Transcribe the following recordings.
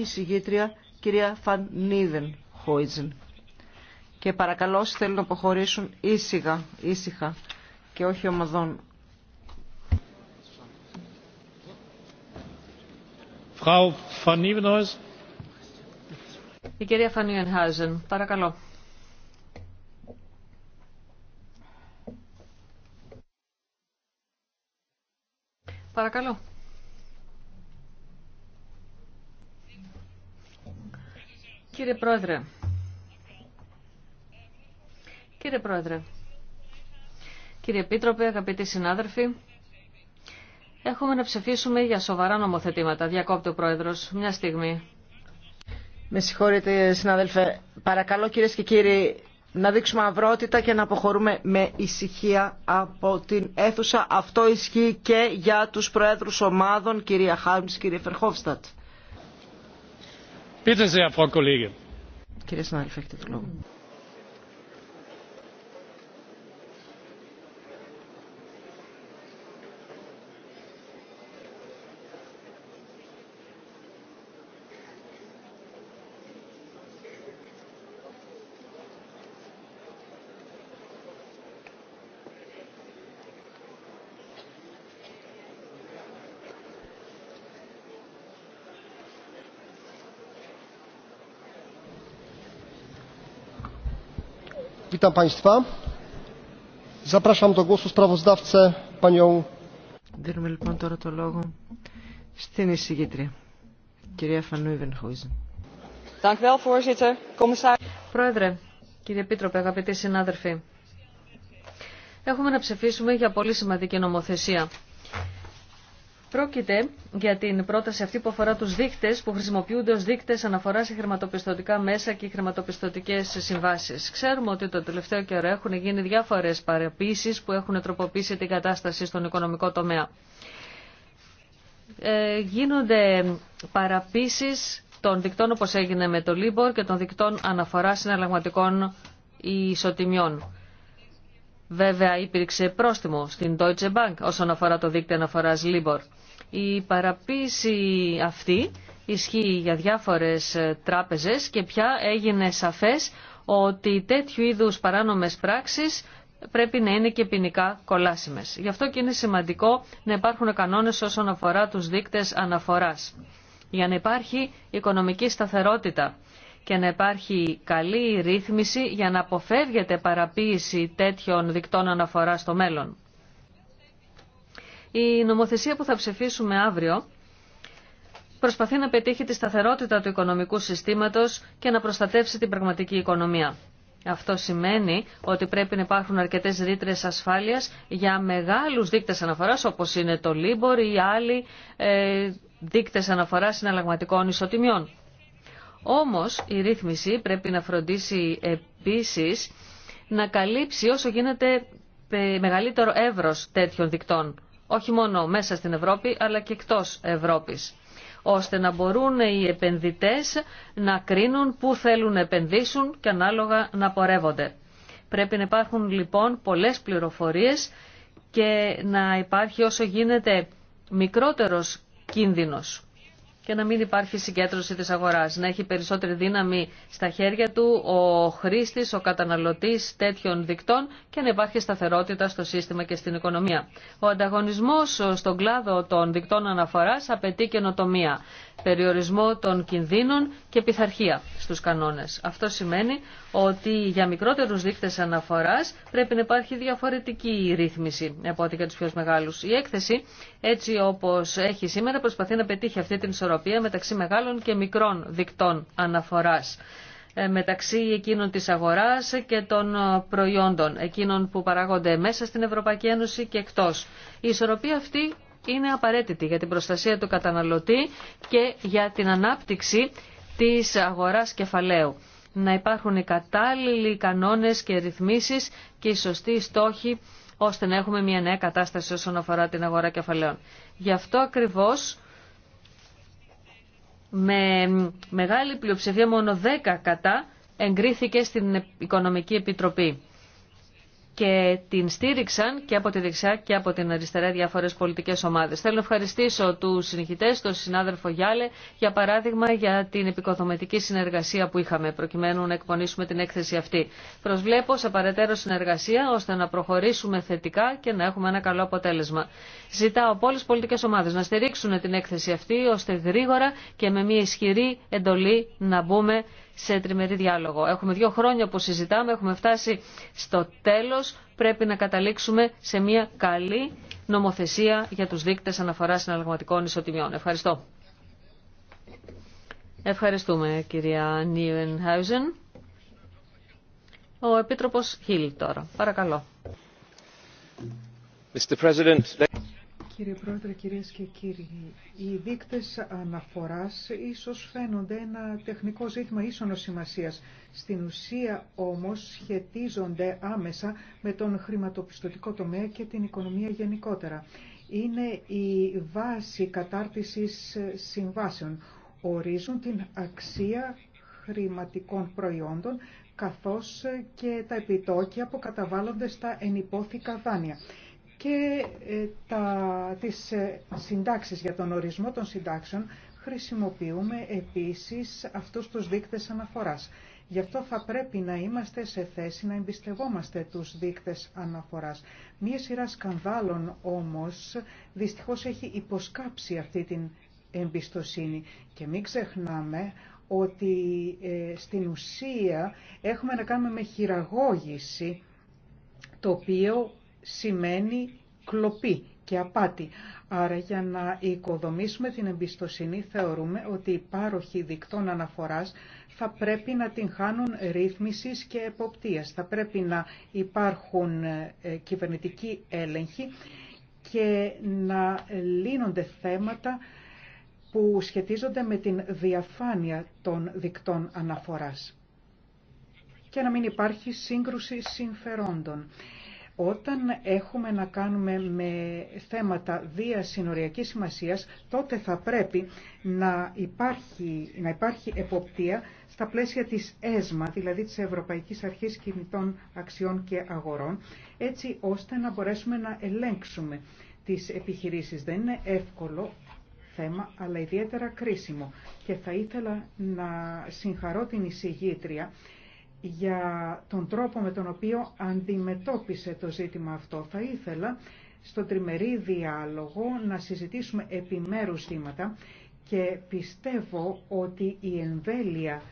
η συγγήτρια κυρία Φαν Νίδεν Χόιτζεν. Και παρακαλώ όσοι θέλουν να αποχωρήσουν ήσυχα, ήσυχα και όχι ομαδών. Η κυρία Φαν Χόιζεν, παρακαλώ. Παρακαλώ. Κύριε Πρόεδρε, κύριε Πρόεδρε, κύριε Επίτροπε, αγαπητοί συνάδελφοι, έχουμε να ψηφίσουμε για σοβαρά νομοθετήματα. Διακόπτει ο Πρόεδρος. Μια στιγμή. Με συγχωρείτε συνάδελφε. Παρακαλώ κυρίες και κύριοι να δείξουμε αυρότητα και να αποχωρούμε με ησυχία από την αίθουσα. Αυτό ισχύει και για τους Προέδρους ομάδων, κυρία Χάμς, κύριε Φερχόφστατ. Bitte Κύριε witam państwa zapraszam do głosu sprawozdawcę panią Dyrmel Pantorotologu Stine Sigitri Kyria van Nuevenhuizen Dank wel voorzitter, commissaris Πρόεδρε, κύριε Πίτροπε, αγαπητοί συνάδελφοι, έχουμε να ψηφίσουμε για πολύ σημαντική νομοθεσία. Πρόκειται για την πρόταση αυτή που αφορά τους δείκτες που χρησιμοποιούνται ως δείκτες αναφορά σε χρηματοπιστωτικά μέσα και χρηματοπιστωτικές συμβάσεις. Ξέρουμε ότι το τελευταίο καιρό έχουν γίνει διάφορες παρεπίσεις που έχουν τροποποιήσει την κατάσταση στον οικονομικό τομέα. Ε, γίνονται παραπίσεις των δικτών όπως έγινε με το Λίμπορ και των δικτών αναφορά συναλλαγματικών ισοτιμιών. Βέβαια υπήρξε πρόστιμο στην Deutsche Bank όσον αφορά το δίκτυο αναφοράς Libor. Η παραποίηση αυτή ισχύει για διάφορες ε, τράπεζες και πια έγινε σαφές ότι τέτοιου είδους παράνομες πράξεις πρέπει να είναι και ποινικά κολάσιμες. Γι' αυτό και είναι σημαντικό να υπάρχουν κανόνες όσον αφορά τους δείκτες αναφοράς για να υπάρχει οικονομική σταθερότητα και να υπάρχει καλή ρύθμιση για να αποφεύγεται παραποίηση τέτοιων δικτών αναφορά στο μέλλον. Η νομοθεσία που θα ψηφίσουμε αύριο προσπαθεί να πετύχει τη σταθερότητα του οικονομικού συστήματος και να προστατεύσει την πραγματική οικονομία. Αυτό σημαίνει ότι πρέπει να υπάρχουν αρκετές ρήτρε ασφάλεια για μεγάλου δείκτε αναφοράς όπω είναι το Λίμπορ ή άλλοι ε, δείκτες αναφοράς συναλλαγματικών ισοτιμιών. Όμως η ρύθμιση πρέπει να φροντίσει επίσης να καλύψει όσο γίνεται μεγαλύτερο εύρος τέτοιων δικτών, όχι μόνο μέσα στην Ευρώπη αλλά και εκτός Ευρώπης ώστε να μπορούν οι επενδυτές να κρίνουν πού θέλουν να επενδύσουν και ανάλογα να πορεύονται. Πρέπει να υπάρχουν λοιπόν πολλές πληροφορίες και να υπάρχει όσο γίνεται μικρότερος κίνδυνος και να μην υπάρχει συγκέντρωση της αγοράς. Να έχει περισσότερη δύναμη στα χέρια του ο χρήστης, ο καταναλωτής τέτοιων δικτών και να υπάρχει σταθερότητα στο σύστημα και στην οικονομία. Ο ανταγωνισμός στον κλάδο των δικτών αναφοράς απαιτεί καινοτομία, περιορισμό των κινδύνων και πειθαρχία στους κανόνες. Αυτό σημαίνει ότι για μικρότερους δείκτες αναφοράς πρέπει να υπάρχει διαφορετική ρύθμιση από ό,τι για τους πιο μεγάλους. Η έκθεση, έτσι όπως έχει σήμερα, προσπαθεί να πετύχει αυτή την ισορροπία μεταξύ μεγάλων και μικρών δικτών αναφοράς ε, μεταξύ εκείνων της αγοράς και των ε, προϊόντων, εκείνων που παράγονται μέσα στην Ευρωπαϊκή Ένωση και εκτός. Η ισορροπία αυτή είναι απαραίτητη για την προστασία του καταναλωτή και για την ανάπτυξη της αγοράς κεφαλαίου να υπάρχουν οι κατάλληλοι κανόνες και ρυθμίσεις και οι σωστοί στόχοι ώστε να έχουμε μια νέα κατάσταση όσον αφορά την αγορά κεφαλαίων. Γι' αυτό ακριβώς με μεγάλη πλειοψηφία μόνο 10 κατά εγκρίθηκε στην Οικονομική Επιτροπή και την στήριξαν και από τη δεξιά και από την αριστερά διάφορες πολιτικές ομάδες. Θέλω να ευχαριστήσω τους συνεχητές, τον συνάδελφο Γιάλε, για παράδειγμα για την επικοδομητική συνεργασία που είχαμε προκειμένου να εκπονήσουμε την έκθεση αυτή. Προσβλέπω σε παρετέρω συνεργασία ώστε να προχωρήσουμε θετικά και να έχουμε ένα καλό αποτέλεσμα. Ζητάω από όλε τι πολιτικέ ομάδε να στηρίξουν την έκθεση αυτή ώστε γρήγορα και με μια ισχυρή εντολή να μπούμε σε τριμερή διάλογο. Έχουμε δύο χρόνια που συζητάμε, έχουμε φτάσει στο τέλος. Πρέπει να καταλήξουμε σε μια καλή νομοθεσία για τους δείκτες αναφοράς συναλλαγματικών ισοτιμιών. Ευχαριστώ. Ευχαριστούμε κυρία Νίουενχάουζεν. Ο Επίτροπος Χίλ τώρα. Παρακαλώ. Mr. President... Κύριε Πρόεδρε, κυρίες και κύριοι, οι δείκτες αναφοράς ίσως φαίνονται ένα τεχνικό ζήτημα ίσονο σημασίας. Στην ουσία όμως σχετίζονται άμεσα με τον χρηματοπιστωτικό τομέα και την οικονομία γενικότερα. Είναι η βάση κατάρτισης συμβάσεων. Ορίζουν την αξία χρηματικών προϊόντων καθώς και τα επιτόκια που καταβάλλονται στα ενυπόθηκα δάνεια και ε, τα, τις ε, συντάξεις για τον ορισμό των συντάξεων χρησιμοποιούμε επίσης αυτούς τους δείκτες αναφοράς. Γι' αυτό θα πρέπει να είμαστε σε θέση να εμπιστευόμαστε τους δείκτες αναφοράς. Μία σειρά σκανδάλων όμως δυστυχώς έχει υποσκάψει αυτή την εμπιστοσύνη. Και μην ξεχνάμε ότι ε, στην ουσία έχουμε να κάνουμε με χειραγώγηση το οποίο σημαίνει κλοπή και απάτη. Άρα για να οικοδομήσουμε την εμπιστοσύνη θεωρούμε ότι οι πάροχοι δικτών αναφοράς θα πρέπει να την χάνουν ρύθμισης και εποπτείας. Θα πρέπει να υπάρχουν ε, κυβερνητικοί έλεγχοι και να λύνονται θέματα που σχετίζονται με την διαφάνεια των δικτών αναφοράς και να μην υπάρχει σύγκρουση συμφερόντων. Όταν έχουμε να κάνουμε με θέματα διασυνοριακής σημασίας, τότε θα πρέπει να υπάρχει, να υπάρχει εποπτεία στα πλαίσια της ΕΣΜΑ, δηλαδή της Ευρωπαϊκής Αρχής Κινητών Αξιών και Αγορών, έτσι ώστε να μπορέσουμε να ελέγξουμε τις επιχειρήσεις. Δεν είναι εύκολο θέμα, αλλά ιδιαίτερα κρίσιμο. Και θα ήθελα να συγχαρώ την εισηγήτρια για τον τρόπο με τον οποίο αντιμετώπισε το ζήτημα αυτό. Θα ήθελα στο τριμερή διάλογο να συζητήσουμε επιμέρους θύματα και πιστεύω ότι η εμβέλεια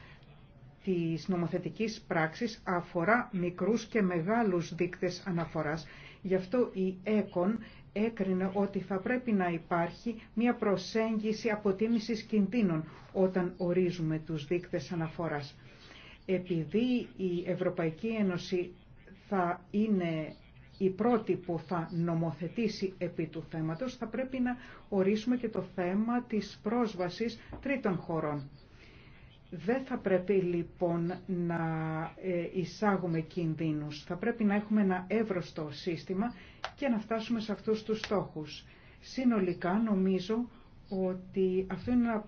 της νομοθετικής πράξης αφορά μικρούς και μεγάλους δείκτες αναφοράς. Γι' αυτό η ΕΚΟΝ έκρινε ότι θα πρέπει να υπάρχει μια προσέγγιση αποτίμησης κινδύνων όταν ορίζουμε τους δείκτες αναφοράς. Επειδή η Ευρωπαϊκή Ένωση θα είναι η πρώτη που θα νομοθετήσει επί του θέματος, θα πρέπει να ορίσουμε και το θέμα της πρόσβασης τρίτων χωρών. Δεν θα πρέπει λοιπόν να ε, εισάγουμε κινδύνους. Θα πρέπει να έχουμε ένα εύρωστο σύστημα και να φτάσουμε σε αυτούς τους στόχους. Συνολικά νομίζω ότι αυτό είναι ένα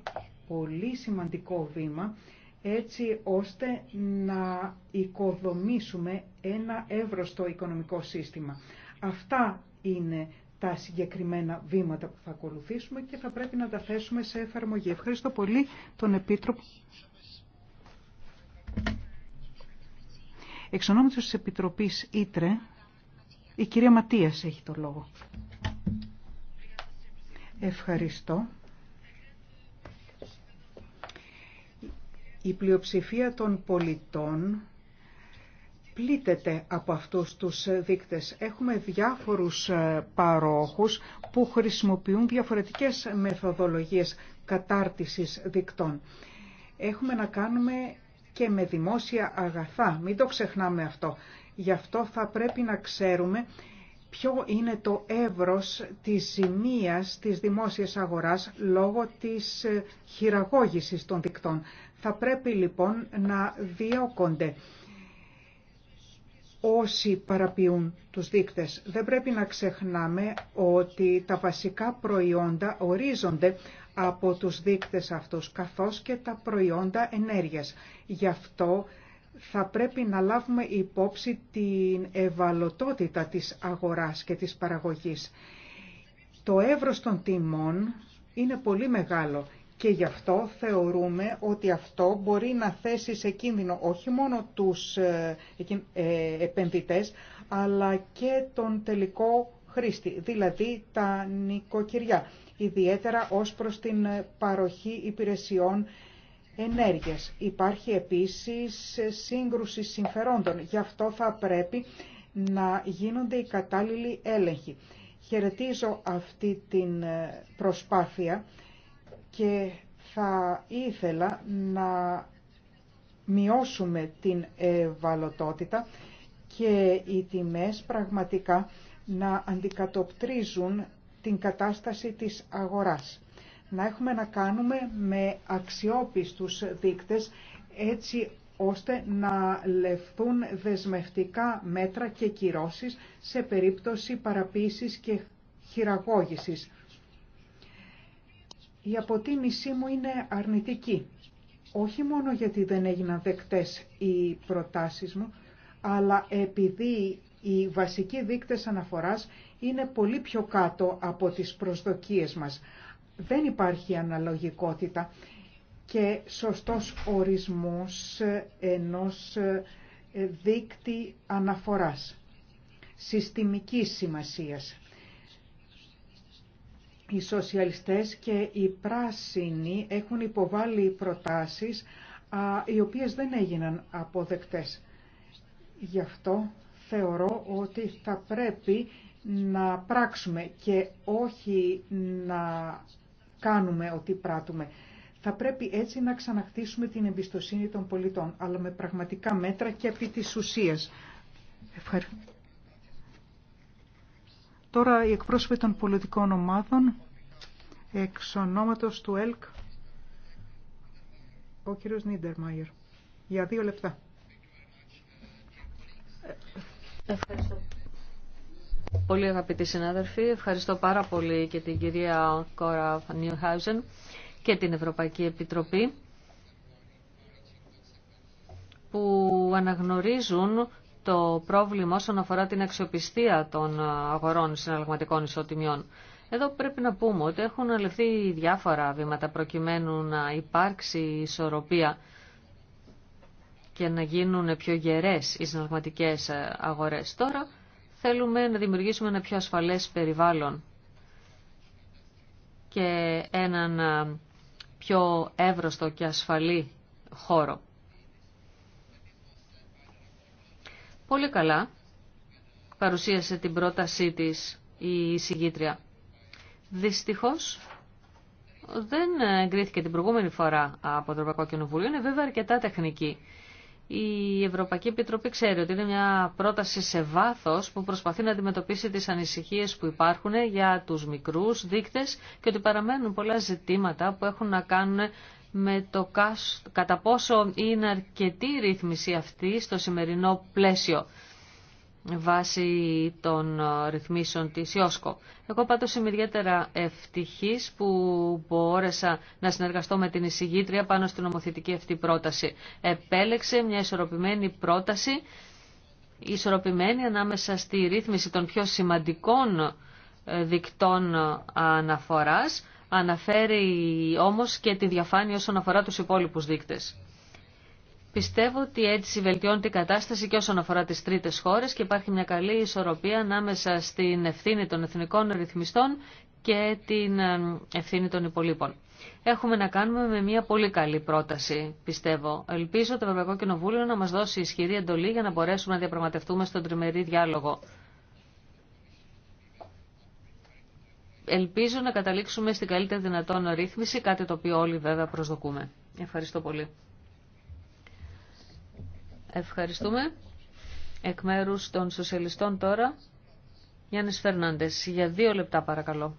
πολύ σημαντικό βήμα έτσι ώστε να οικοδομήσουμε ένα εύρωστο οικονομικό σύστημα. Αυτά είναι τα συγκεκριμένα βήματα που θα ακολουθήσουμε και θα πρέπει να τα θέσουμε σε εφαρμογή. Ευχαριστώ πολύ τον Επίτροπο. Εξ της Επιτροπής Ήτρε, η κυρία Ματίας έχει το λόγο. Ευχαριστώ. Η πλειοψηφία των πολιτών πλήττεται από αυτούς τους δείκτες. Έχουμε διάφορους ε, παρόχους που χρησιμοποιούν διαφορετικές μεθοδολογίες κατάρτισης δικτών. Έχουμε να κάνουμε και με δημόσια αγαθά, μην το ξεχνάμε αυτό. Γι' αυτό θα πρέπει να ξέρουμε ποιο είναι το εύρος της ζημίας της δημόσιας αγοράς λόγω της ε, χειραγώγησης των δικτών. Θα πρέπει λοιπόν να διώκονται όσοι παραποιούν τους δείκτες. Δεν πρέπει να ξεχνάμε ότι τα βασικά προϊόντα ορίζονται από τους δείκτες αυτούς, καθώς και τα προϊόντα ενέργειας. Γι' αυτό θα πρέπει να λάβουμε υπόψη την ευαλωτότητα της αγοράς και της παραγωγής. Το εύρος των τιμών είναι πολύ μεγάλο και γι' αυτό θεωρούμε ότι αυτό μπορεί να θέσει σε κίνδυνο όχι μόνο τους ε, ε, επενδυτές, αλλά και τον τελικό χρήστη, δηλαδή τα νοικοκυριά, ιδιαίτερα ως προς την παροχή υπηρεσιών ενέργειας. Υπάρχει επίσης σύγκρουση συμφερόντων, γι' αυτό θα πρέπει να γίνονται οι κατάλληλοι έλεγχοι. Χαιρετίζω αυτή την ε, προσπάθεια και θα ήθελα να μειώσουμε την ευαλωτότητα και οι τιμές πραγματικά να αντικατοπτρίζουν την κατάσταση της αγοράς. Να έχουμε να κάνουμε με αξιόπιστους δείκτες έτσι ώστε να λευθούν δεσμευτικά μέτρα και κυρώσεις σε περίπτωση παραποίησης και χειραγώγησης η αποτίμησή μου είναι αρνητική. Όχι μόνο γιατί δεν έγιναν δεκτές οι προτάσεις μου, αλλά επειδή οι βασικοί δείκτες αναφοράς είναι πολύ πιο κάτω από τις προσδοκίες μας. Δεν υπάρχει αναλογικότητα και σωστός ορισμός ενός δείκτη αναφοράς συστημικής σημασίας. Οι σοσιαλιστές και οι πράσινοι έχουν υποβάλει προτάσεις α, οι οποίες δεν έγιναν αποδεκτές. Γι' αυτό θεωρώ ότι θα πρέπει να πράξουμε και όχι να κάνουμε ότι πράττουμε. Θα πρέπει έτσι να ξαναχτίσουμε την εμπιστοσύνη των πολιτών, αλλά με πραγματικά μέτρα και επί της ουσίας. Ευχαριστώ. Τώρα οι εκπρόσωποι των πολιτικών ομάδων, εξ ονόματος του ΕΛΚ, ο κύριος Νίντερμαγερ, για δύο λεπτά. Ευχαριστώ. Πολύ αγαπητοί συνάδελφοι, ευχαριστώ πάρα πολύ και την κυρία Κόρα Φανιούχαουζεν και την Ευρωπαϊκή Επιτροπή που αναγνωρίζουν το πρόβλημα όσον αφορά την αξιοπιστία των ε, αγορών συναλλαγματικών ισοτιμιών. Εδώ πρέπει να πούμε ότι έχουν αλευθεί διάφορα βήματα προκειμένου να υπάρξει ισορροπία και να γίνουν πιο γερές οι συναλλαγματικές ε, αγορές. Τώρα θέλουμε να δημιουργήσουμε ένα πιο ασφαλές περιβάλλον και έναν ε, πιο εύρωστο και ασφαλή χώρο. Πολύ καλά παρουσίασε την πρότασή της η συγγήτρια. Δυστυχώς δεν εγκρίθηκε την προηγούμενη φορά από το Ευρωπαϊκό Κοινοβούλιο. Είναι βέβαια αρκετά τεχνική. Η Ευρωπαϊκή Επιτροπή ξέρει ότι είναι μια πρόταση σε βάθος που προσπαθεί να αντιμετωπίσει τις ανησυχίες που υπάρχουν για τους μικρούς δείκτες και ότι παραμένουν πολλά ζητήματα που έχουν να κάνουν με το κατά πόσο είναι αρκετή η ρύθμιση αυτή στο σημερινό πλαίσιο βάσει των ε, ρυθμίσεων της Ιόσκο. Εγώ πάντως είμαι ιδιαίτερα ευτυχής που μπόρεσα να συνεργαστώ με την εισηγήτρια πάνω στην νομοθετική αυτή πρόταση. Επέλεξε μια ισορροπημένη πρόταση, ισορροπημένη ανάμεσα στη ρύθμιση των πιο σημαντικών ε, δικτών ε, αναφοράς, Αναφέρει όμως και τη διαφάνεια όσον αφορά τους υπόλοιπους δείκτες. Πιστεύω ότι έτσι βελτιώνει την κατάσταση και όσον αφορά τις τρίτες χώρες και υπάρχει μια καλή ισορροπία ανάμεσα στην ευθύνη των εθνικών ρυθμιστών και την ε, ευθύνη των υπολείπων. Έχουμε να κάνουμε με μια πολύ καλή πρόταση, πιστεύω. Ελπίζω το Ευρωπαϊκό Κοινοβούλιο να μας δώσει ισχυρή εντολή για να μπορέσουμε να διαπραγματευτούμε στον τριμερή διάλογο. ελπίζω να καταλήξουμε στην καλύτερη δυνατόν ρύθμιση, κάτι το οποίο όλοι βέβαια προσδοκούμε. Ευχαριστώ πολύ. Ευχαριστούμε. Εκ μέρους των σοσιαλιστών τώρα, Γιάννης Φερνάντες, για δύο λεπτά παρακαλώ.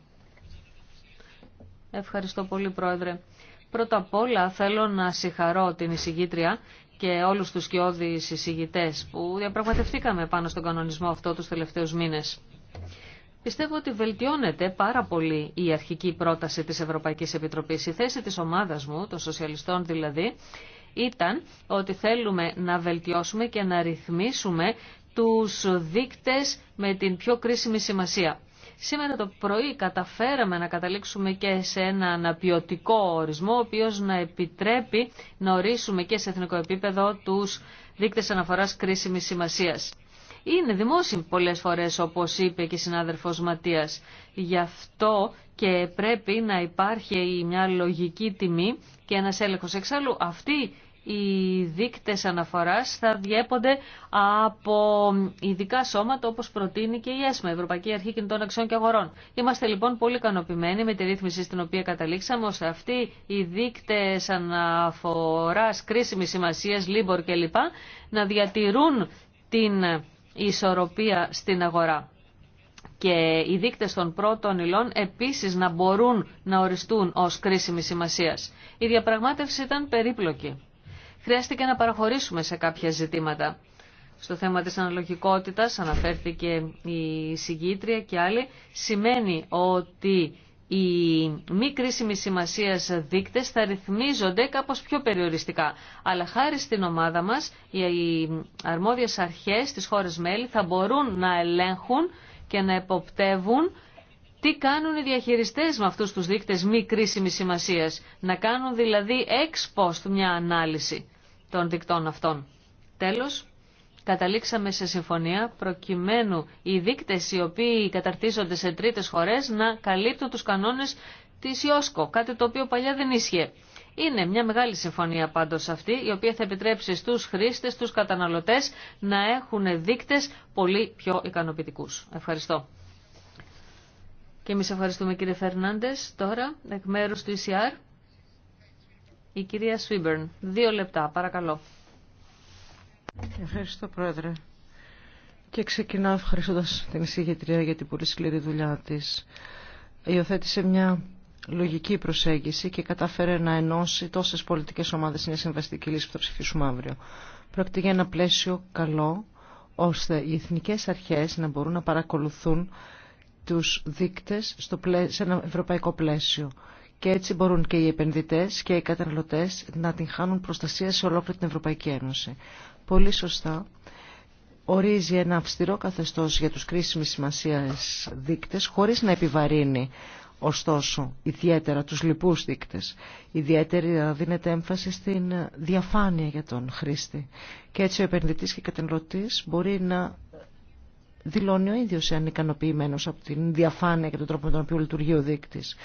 Ευχαριστώ πολύ Πρόεδρε. Πρώτα απ' όλα θέλω να συγχαρώ την εισηγήτρια και όλους τους κοιόδης εισηγητές που διαπραγματευτήκαμε πάνω στον κανονισμό αυτό τους τελευταίους μήνες. Πιστεύω ότι βελτιώνεται πάρα πολύ η αρχική πρόταση της Ευρωπαϊκής Επιτροπής. Η θέση της ομάδας μου, των σοσιαλιστών δηλαδή, ήταν ότι θέλουμε να βελτιώσουμε και να ρυθμίσουμε τους δείκτες με την πιο κρίσιμη σημασία. Σήμερα το πρωί καταφέραμε να καταλήξουμε και σε ένα αναπιωτικό ορισμό, ο οποίος να επιτρέπει να ορίσουμε και σε εθνικό επίπεδο τους δείκτες αναφοράς κρίσιμης σημασίας είναι δημόσιοι πολλές φορές όπως είπε και η συνάδελφος Ματίας. Γι' αυτό και πρέπει να υπάρχει μια λογική τιμή και ένας έλεγχος. Εξάλλου αυτοί οι δείκτες αναφοράς θα διέπονται από ειδικά σώματα όπως προτείνει και η ΕΣΜΑ, Ευρωπαϊκή Αρχή Κινητών Αξιών και Αγορών. Είμαστε λοιπόν πολύ ικανοποιημένοι με τη ρύθμιση στην οποία καταλήξαμε ώστε αυτοί οι δείκτες αναφοράς κρίσιμης σημασίας, Λίμπορ κλπ. να διατηρούν την ισορροπία στην αγορά. Και οι δείκτες των πρώτων υλών επίσης να μπορούν να οριστούν ως κρίσιμη σημασίας. Η διαπραγμάτευση ήταν περίπλοκη. Χρειάστηκε να παραχωρήσουμε σε κάποια ζητήματα. Στο θέμα της αναλογικότητας αναφέρθηκε η συγκήτρια και άλλοι. Σημαίνει ότι οι μη κρίσιμη σημασία δείκτες θα ρυθμίζονται κάπως πιο περιοριστικά. Αλλά χάρη στην ομάδα μας, οι αρμόδιες αρχές της χώρας μέλη θα μπορούν να ελέγχουν και να εποπτεύουν τι κάνουν οι διαχειριστές με αυτούς τους δείκτες μη κρίσιμη σημασία. Να κάνουν δηλαδή ex μια ανάλυση των δικτών αυτών. Τέλος, καταλήξαμε σε συμφωνία προκειμένου οι δείκτες οι οποίοι καταρτίζονται σε τρίτες χωρές να καλύπτουν τους κανόνες της ΙΟΣΚΟ, κάτι το οποίο παλιά δεν ίσχυε. Είναι μια μεγάλη συμφωνία πάντως αυτή, η οποία θα επιτρέψει στους χρήστες, στους καταναλωτές να έχουν δείκτες πολύ πιο ικανοποιητικούς. Ευχαριστώ. Και εμείς ευχαριστούμε κύριε Φερνάντες. Τώρα, εκ μέρους του ECR, η κυρία Σουίμπερν. Δύο λεπτά, παρακαλώ. Ευχαριστώ Πρόεδρε. Και ξεκινάω ευχαριστώντα την εισηγητρία για την πολύ σκληρή δουλειά τη. Υιοθέτησε μια λογική προσέγγιση και κατάφερε να ενώσει τόσε πολιτικέ ομάδε μια συμβαστική λύση που θα ψηφίσουμε αύριο. Πρόκειται για ένα πλαίσιο καλό, ώστε οι εθνικέ αρχέ να μπορούν να παρακολουθούν του δείκτε σε ένα ευρωπαϊκό πλαίσιο και έτσι μπορούν και οι επενδυτές και οι καταναλωτές να την χάνουν προστασία σε ολόκληρη την Ευρωπαϊκή Ένωση. Πολύ σωστά ορίζει ένα αυστηρό καθεστώς για τους κρίσιμη σημασία δείκτες χωρίς να επιβαρύνει ωστόσο ιδιαίτερα τους λοιπούς δείκτες. Ιδιαίτερη δίνεται έμφαση στην διαφάνεια για τον χρήστη και έτσι ο επενδυτής και καταναλωτής μπορεί να δηλώνει ο ίδιος αν ικανοποιημένο από την διαφάνεια και τον τρόπο με τον οποίο λειτουργεί ο δείκτης.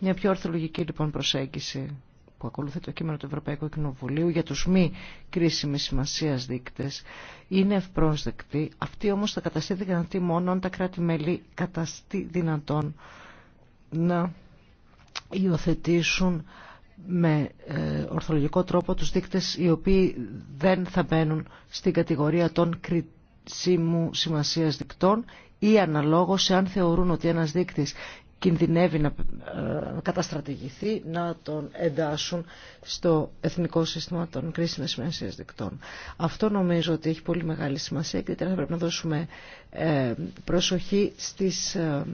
Μια πιο ορθολογική λοιπόν προσέγγιση που ακολουθεί το κείμενο του Ευρωπαϊκού Κοινοβουλίου για τους μη κρίσιμη σημασία δείκτες είναι ευπρόσδεκτη. Αυτή όμως θα καταστεί δυνατή μόνο αν τα κράτη-μέλη καταστεί δυνατόν να υιοθετήσουν με ε, ορθολογικό τρόπο τους δείκτες οι οποίοι δεν θα μπαίνουν στην κατηγορία των κρίσιμου σημασίας δικτών ή αναλόγως αν θεωρούν ότι ένας δείκτης κινδυνεύει ε, να καταστρατηγηθεί να τον εντάσσουν στο εθνικό σύστημα των κρίσιμες σημασίες δικτών. Αυτό νομίζω ότι έχει πολύ μεγάλη σημασία και θα πρέπει να δώσουμε ε, προσοχή στις ε,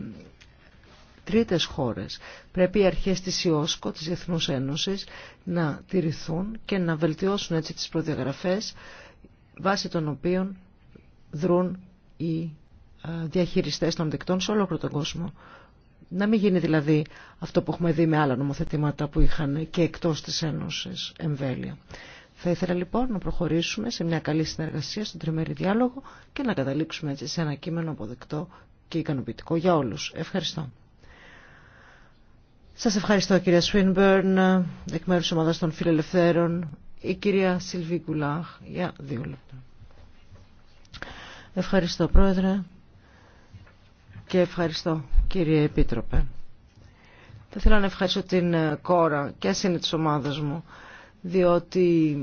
τρίτες χώρες. Πρέπει οι αρχές της ΙΟΣΚΟ, της Εθνούς Ένωσης, να τηρηθούν και να βελτιώσουν έτσι τις προδιαγραφές βάσει των οποίων δρούν οι διαχειριστές των δικτών σε όλο τον κόσμο. Να μην γίνει δηλαδή αυτό που έχουμε δει με άλλα νομοθετήματα που είχαν και εκτός της Ένωσης εμβέλεια. Θα ήθελα λοιπόν να προχωρήσουμε σε μια καλή συνεργασία στον τριμερή διάλογο και να καταλήξουμε έτσι σε ένα κείμενο αποδεκτό και ικανοποιητικό για όλους. Ευχαριστώ. Σας ευχαριστώ κυρία Σουίνμπερν, εκ μέρους της ομάδας των φιλελευθέρων, η κυρία Σιλβί Κουλάχ για δύο λεπτά. Ευχαριστώ πρόεδρε και ευχαριστώ κύριε Επίτροπε. Θα ήθελα να ευχαριστώ την ε, κόρα και είναι της ομάδας μου διότι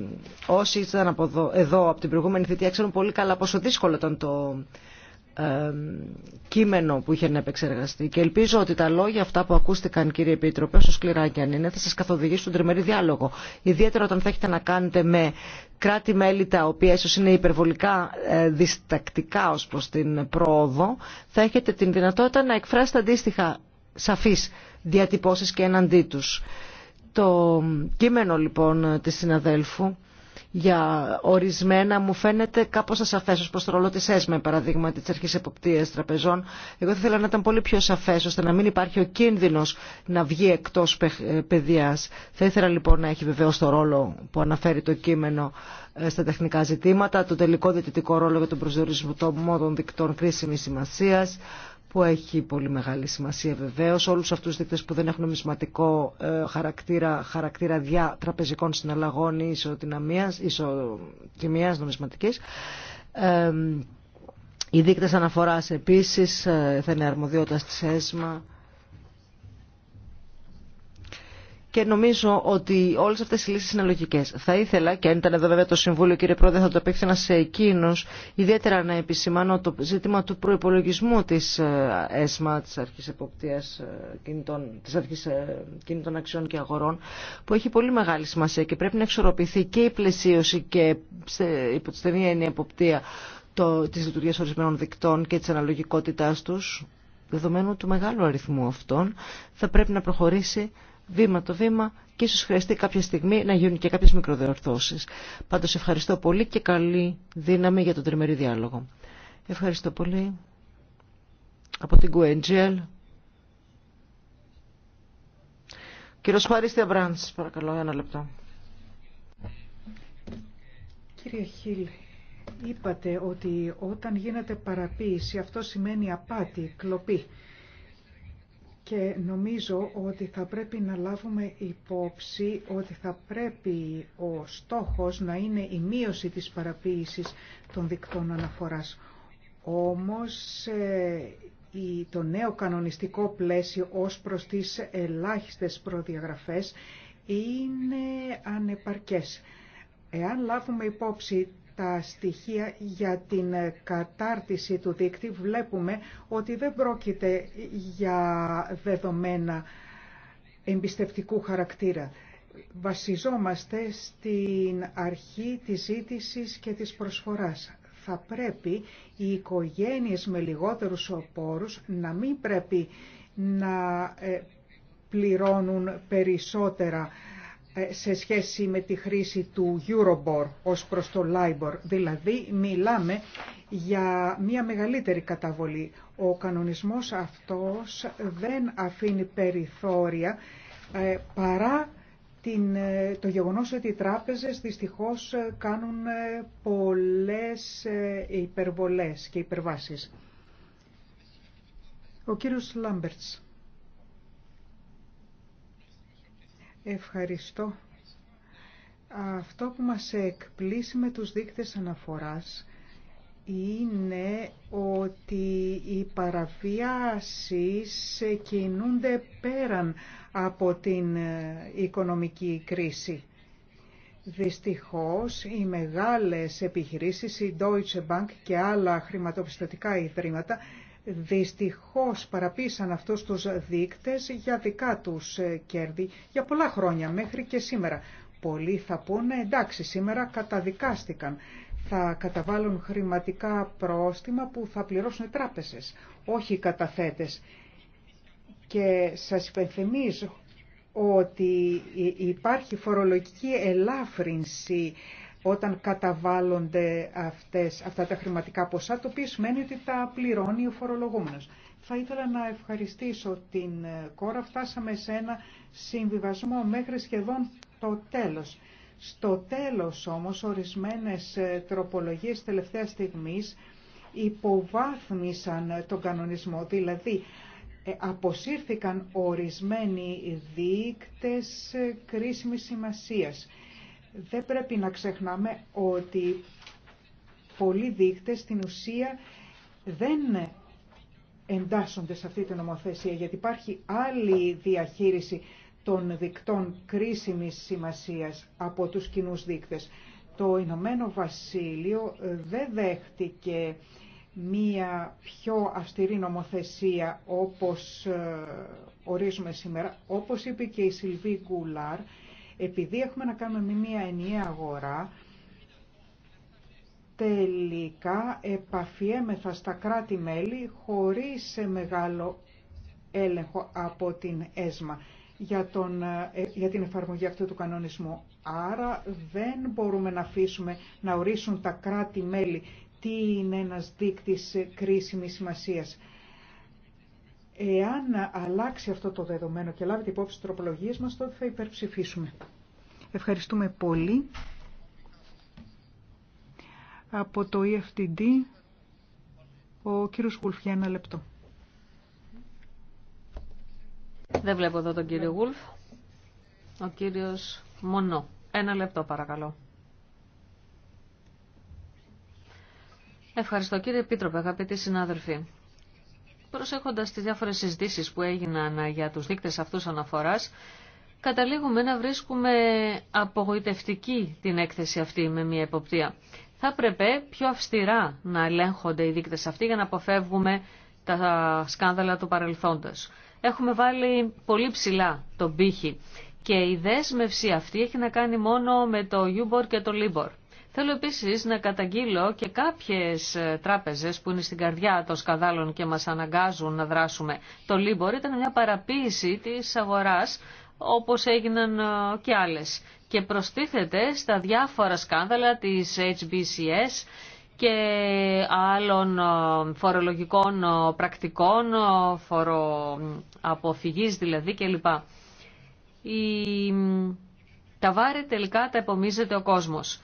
όσοι ήταν από εδώ, εδώ από την προηγούμενη θητεία ξέρουν πολύ καλά πόσο δύσκολο ήταν το κείμενο που είχε να επεξεργαστεί και ελπίζω ότι τα λόγια αυτά που ακούστηκαν κύριε Επίτροπε όσο σκληρά και αν είναι θα σας καθοδηγήσουν στον τριμερή διάλογο ιδιαίτερα όταν θα έχετε να κάνετε με κράτη-μέλη τα οποία ίσως είναι υπερβολικά ε, διστακτικά ως προς την πρόοδο θα έχετε την δυνατότητα να εκφράσετε αντίστοιχα σαφείς διατυπώσεις και εναντί του. Το κείμενο λοιπόν της συναδέλφου για ορισμένα μου φαίνεται κάπως ασαφές ως προς το ρόλο της ΕΣΜΕ παραδείγμα της αρχής εποπτείας τραπεζών. Εγώ θα ήθελα να ήταν πολύ πιο σαφές ώστε να μην υπάρχει ο κίνδυνος να βγει εκτός παιδείας. Ε, θα ήθελα λοιπόν να έχει βεβαίως το ρόλο που αναφέρει το κείμενο ε, στα τεχνικά ζητήματα, το τελικό διαιτητικό ρόλο για τον προσδιορισμό των δικτών κρίσιμη σημασία, που έχει πολύ μεγάλη σημασία βεβαίως. Όλους αυτούς τους δείκτες που δεν έχουν νομισματικό ε, χαρακτήρα, χαρακτήρα δια τραπεζικών συναλλαγών ή ισοτιμίας, ισοτιμίας νομισματικής. οι δείκτες αναφοράς επίσης ε, θα είναι αρμοδιότητα τη ΕΣΜΑ. και νομίζω ότι όλες αυτές οι λύσεις είναι λογικές. Θα ήθελα και αν ήταν εδώ βέβαια το Συμβούλιο κύριε Πρόεδρε θα το επέκτηνα σε εκείνους ιδιαίτερα να επισημάνω το ζήτημα του προϋπολογισμού της ε, ΕΣΜΑ της Αρχής Εποπτείας ε, κινητών, της ε, Κινητών Αξιών και Αγορών που έχει πολύ μεγάλη σημασία και πρέπει να εξορροπηθεί και η πλαισίωση και υπό τη στενή έννοια εποπτεία τη της λειτουργίας ορισμένων δικτών και της αναλογικότητάς τους δεδομένου του μεγάλου αριθμού αυτών θα πρέπει να προχωρήσει βήμα το βήμα και ίσως χρειαστεί κάποια στιγμή να γίνουν και κάποιες μικροδιορθώσεις. Πάντως ευχαριστώ πολύ και καλή δύναμη για τον τριμερή διάλογο. Ευχαριστώ πολύ. Από την QNGL. Κύριος Χουάρης Θεαμπράντς, παρακαλώ, ένα λεπτό. Κύριε Χίλ, είπατε ότι όταν γίνεται παραποίηση αυτό σημαίνει απάτη, κλοπή. Και νομίζω ότι θα πρέπει να λάβουμε υπόψη ότι θα πρέπει ο στόχος να είναι η μείωση της παραποίησης των δικτών αναφοράς. Όμως ε, το νέο κανονιστικό πλαίσιο ως προς τις ελάχιστες προδιαγραφές είναι ανεπαρκές. Εάν λάβουμε υπόψη τα στοιχεία για την ε, κατάρτιση του δίκτυ βλέπουμε ότι δεν πρόκειται για δεδομένα εμπιστευτικού χαρακτήρα. Βασιζόμαστε στην αρχή της ζήτησης και της προσφοράς. Θα πρέπει οι οικογένειες με λιγότερους οπόρους να μην πρέπει να ε, πληρώνουν περισσότερα ε, σε σχέση με τη χρήση του Eurobor ως προς το LIBOR. Δηλαδή μιλάμε για μια μεγαλύτερη καταβολή. Ο κανονισμός αυτός δεν αφήνει περιθώρια ε, παρά την, ε, το γεγονός ότι οι τράπεζες δυστυχώς κάνουν πολλές υπερβολές και υπερβάσεις. Ο κύριος Λάμπερτς. Ευχαριστώ. Αυτό που μας εκπλήσει με τους δείκτες αναφοράς είναι ότι οι παραβιάσεις κινούνται πέραν από την ε, οικονομική κρίση. Δυστυχώς, οι μεγάλες επιχειρήσεις, η Deutsche Bank και άλλα χρηματοπιστωτικά ιδρύματα δυστυχώς παραπίσαν αυτούς τους δείκτες για δικά τους ε, κέρδη για πολλά χρόνια μέχρι και σήμερα. Πολλοί θα πούνε εντάξει σήμερα καταδικάστηκαν. Θα καταβάλουν χρηματικά πρόστιμα που θα πληρώσουν οι τράπεζες, όχι οι καταθέτες. Και σας υπενθυμίζω ότι υπάρχει φορολογική ελάφρυνση όταν καταβάλλονται αυτές, αυτά τα χρηματικά ποσά, το οποίο σημαίνει ότι τα πληρώνει ο φορολογούμενος. Θα ήθελα να ευχαριστήσω την ε, κόρα. Φτάσαμε σε ένα συμβιβασμό μέχρι σχεδόν το τέλος. Στο τέλος όμως ορισμένες ε, τροπολογίες τελευταία στιγμής υποβάθμισαν τον κανονισμό, δηλαδή ε, αποσύρθηκαν ορισμένοι δείκτες κρίσιμης σημασίας δεν πρέπει να ξεχνάμε ότι πολλοί δείκτες στην ουσία δεν εντάσσονται σε αυτή την νομοθεσία, γιατί υπάρχει άλλη διαχείριση των δικτών κρίσιμης σημασίας από τους κοινού δείκτες. Το Ηνωμένο Βασίλειο δεν δέχτηκε μία πιο αυστηρή νομοθεσία όπως ε, ορίζουμε σήμερα, όπως είπε και η Σιλβί Γκουλάρ, επειδή έχουμε να κάνουμε με μια ενιαία αγορά, τελικά επαφιέμεθα στα κράτη-μέλη χωρίς μεγάλο έλεγχο από την ΕΣΜΑ για, τον, ε, για την εφαρμογή αυτού του κανονισμού. Άρα δεν μπορούμε να αφήσουμε να ορίσουν τα κράτη-μέλη τι είναι ένας δείκτης κρίσιμης σημασίας. Εάν αλλάξει αυτό το δεδομένο και την υπόψη της τροπολογίας μας, τότε θα υπερψηφίσουμε. Ευχαριστούμε πολύ. Από το EFTD, ο κύριος Γουλφ για ένα λεπτό. Δεν βλέπω εδώ τον κύριο Γουλφ. Ο κύριος Μονό. Ένα λεπτό παρακαλώ. Ευχαριστώ κύριε Επίτροπε, αγαπητοί συνάδελφοι. Προσέχοντας τις διάφορες συζητήσεις που έγιναν για τους δείκτες αυτούς αναφοράς, καταλήγουμε να βρίσκουμε απογοητευτική την έκθεση αυτή με μια εποπτεία. Θα πρέπει πιο αυστηρά να ελέγχονται οι δείκτες αυτοί για να αποφεύγουμε τα σκάνδαλα του παρελθόντος. Έχουμε βάλει πολύ ψηλά τον πύχη και η δέσμευση αυτή έχει να κάνει μόνο με το u και το Libor. Θέλω επίσης να καταγγείλω και κάποιες ε, τράπεζες που είναι στην καρδιά των σκαδάλων και μας αναγκάζουν να δράσουμε. Το λίμπορ ήταν μια παραποίηση της αγοράς όπως έγιναν ε, και άλλες και προστίθεται στα διάφορα σκάνδαλα της HBCS και άλλων ε, φορολογικών πρακτικών, φοροαποφυγής δηλαδή κλπ. Η... Τα βάρη τελικά τα επομίζεται ο κόσμος.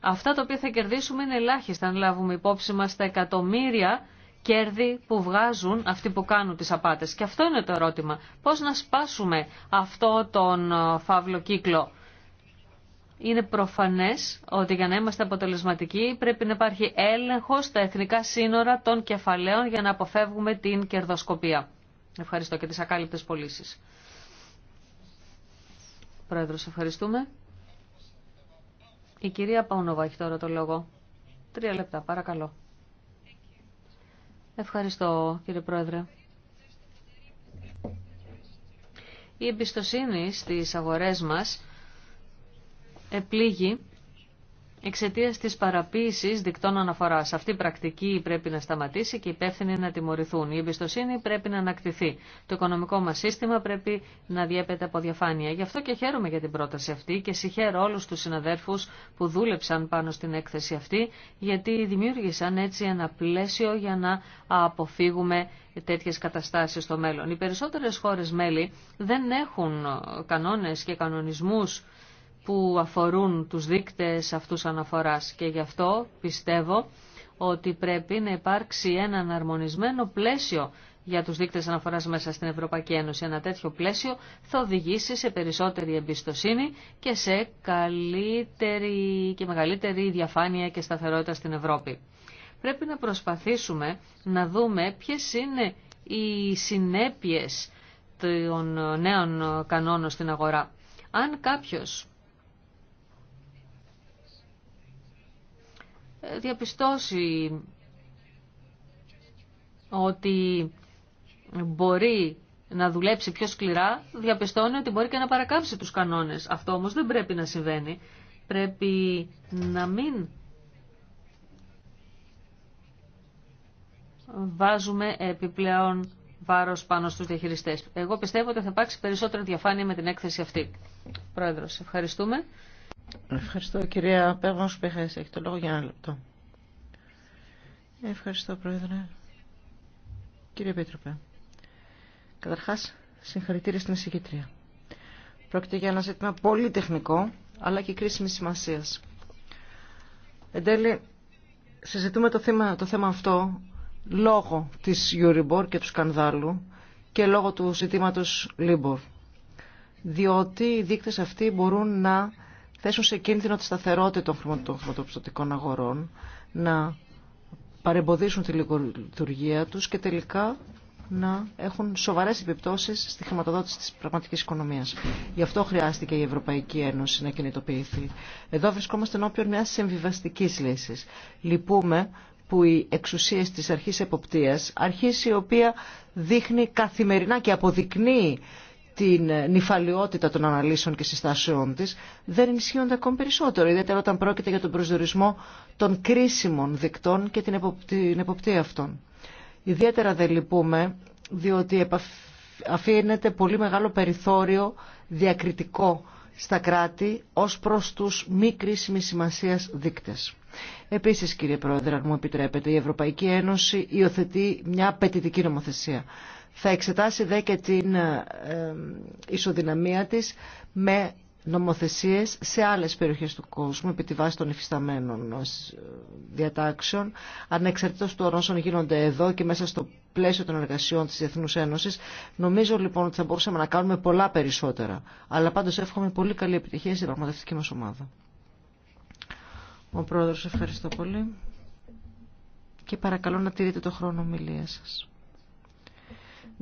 Αυτά τα οποία θα κερδίσουμε είναι ελάχιστα αν λάβουμε υπόψη μας τα εκατομμύρια κέρδη που βγάζουν αυτοί που κάνουν τις απάτες. Και αυτό είναι το ερώτημα. Πώς να σπάσουμε αυτό τον ε, φαύλο κύκλο. Είναι προφανές ότι για να είμαστε αποτελεσματικοί πρέπει να υπάρχει έλεγχος στα εθνικά σύνορα των κεφαλαίων για να αποφεύγουμε την κερδοσκοπία. Ευχαριστώ και τις ακάλυπτες πωλήσει. Πρόεδρος, ευχαριστούμε. Η κυρία Παούνοβα έχει τώρα το λόγο. Τρία λεπτά, παρακαλώ. Ευχαριστώ, κύριε Πρόεδρε. Η εμπιστοσύνη στις αγορές μας επλήγει Εξαιτία τη παραποίηση δικτών αναφορά. Αυτή η πρακτική πρέπει να σταματήσει και οι υπεύθυνοι να τιμωρηθούν. Η εμπιστοσύνη πρέπει να ανακτηθεί. Το οικονομικό μα σύστημα πρέπει να διέπεται από διαφάνεια. Γι' αυτό και χαίρομαι για την πρόταση αυτή και συγχαίρω όλου του συναδέλφου που δούλεψαν πάνω στην έκθεση αυτή γιατί δημιούργησαν έτσι ένα πλαίσιο για να αποφύγουμε τέτοιες καταστάσεις στο μέλλον. Οι περισσότερες χώρες μέλη δεν έχουν κανόνες και κανονισμούς που αφορούν τους δείκτες αυτούς αναφοράς και γι' αυτό πιστεύω ότι πρέπει να υπάρξει ένα αναρμονισμένο πλαίσιο για τους δείκτες αναφοράς μέσα στην Ευρωπαϊκή Ένωση. Ένα τέτοιο πλαίσιο θα οδηγήσει σε περισσότερη εμπιστοσύνη και σε καλύτερη και μεγαλύτερη διαφάνεια και σταθερότητα στην Ευρώπη. Πρέπει να προσπαθήσουμε να δούμε ποιες είναι οι συνέπειες των νέων κανόνων στην αγορά. Αν κάποιος διαπιστώσει ότι μπορεί να δουλέψει πιο σκληρά, διαπιστώνει ότι μπορεί και να παρακάψει τους κανόνες. Αυτό όμως δεν πρέπει να συμβαίνει. Πρέπει να μην βάζουμε επιπλέον βάρος πάνω στους διαχειριστές. Εγώ πιστεύω ότι θα υπάρξει περισσότερη διαφάνεια με την έκθεση αυτή. Πρόεδρος, ευχαριστούμε. Ευχαριστώ κυρία Πέβανος Πεχές. Έχει το λόγο για ένα λεπτό. Ευχαριστώ πρόεδρε. Κύριε Πίτροπε, Καταρχάς συγχαρητήρια στην εισηγητρία. Πρόκειται για ένα ζήτημα πολύ τεχνικό αλλά και κρίσιμη σημασίας. Εν τέλει, συζητούμε το θέμα, το θέμα αυτό λόγω της Euribor και του σκανδάλου και λόγω του ζητήματος Libor. Διότι οι δείκτες αυτοί μπορούν να θέσουν σε κίνδυνο τη σταθερότητα των χρηματοπιστωτικών αγορών, να παρεμποδίσουν τη λειτουργία τους και τελικά να έχουν σοβαρές επιπτώσεις στη χρηματοδότηση της πραγματικής οικονομίας. Γι' αυτό χρειάστηκε η Ευρωπαϊκή Ένωση να κινητοποιηθεί. Εδώ βρισκόμαστε ενώπιον μιας συμβιβαστική λύσης. Λυπούμε που οι εξουσίε της αρχής εποπτείας, αρχής η οποία δείχνει καθημερινά και αποδεικνύει την νυφαλιότητα των αναλύσεων και συστάσεών της δεν ενισχύονται ακόμη περισσότερο, ιδιαίτερα όταν πρόκειται για τον προσδιορισμό των κρίσιμων δικτών και την εποπτεία αυτών. Ιδιαίτερα δεν λυπούμε, διότι αφήνεται πολύ μεγάλο περιθώριο διακριτικό στα κράτη ως προς τους μη κρίσιμη σημασίας δείκτες. Επίσης, κύριε Πρόεδρε, αν μου επιτρέπετε, η Ευρωπαϊκή Ένωση υιοθετεί μια απαιτητική νομοθεσία θα εξετάσει δε και την ε, ε, ισοδυναμία της με νομοθεσίες σε άλλες περιοχές του κόσμου επί τη βάση των υφισταμένων ε, διατάξεων ανεξαρτήτως των όσων γίνονται εδώ και μέσα στο πλαίσιο των εργασιών της Διεθνούς Ένωσης νομίζω λοιπόν ότι θα μπορούσαμε να κάνουμε πολλά περισσότερα αλλά πάντως εύχομαι πολύ καλή επιτυχία στην πραγματευτική μας ομάδα Ο Πρόεδρος ευχαριστώ πολύ και παρακαλώ να τηρείτε το χρόνο ομιλία σας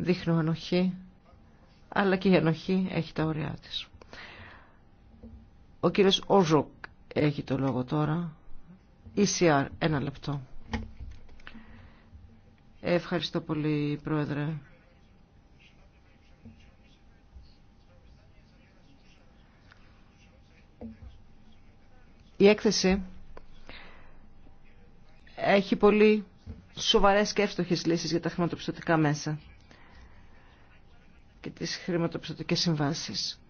Δείχνω ανοχή, αλλά και η ανοχή έχει τα ωριά της. Ο κύριος Όζοκ έχει το λόγο τώρα. ECR, ένα λεπτό. Ευχαριστώ πολύ, Πρόεδρε. Η έκθεση έχει πολύ σοβαρές και εύστοχες λύσεις για τα χρηματοπιστωτικά μέσα και τις χρηματοπιστωτικές συμβάσεις.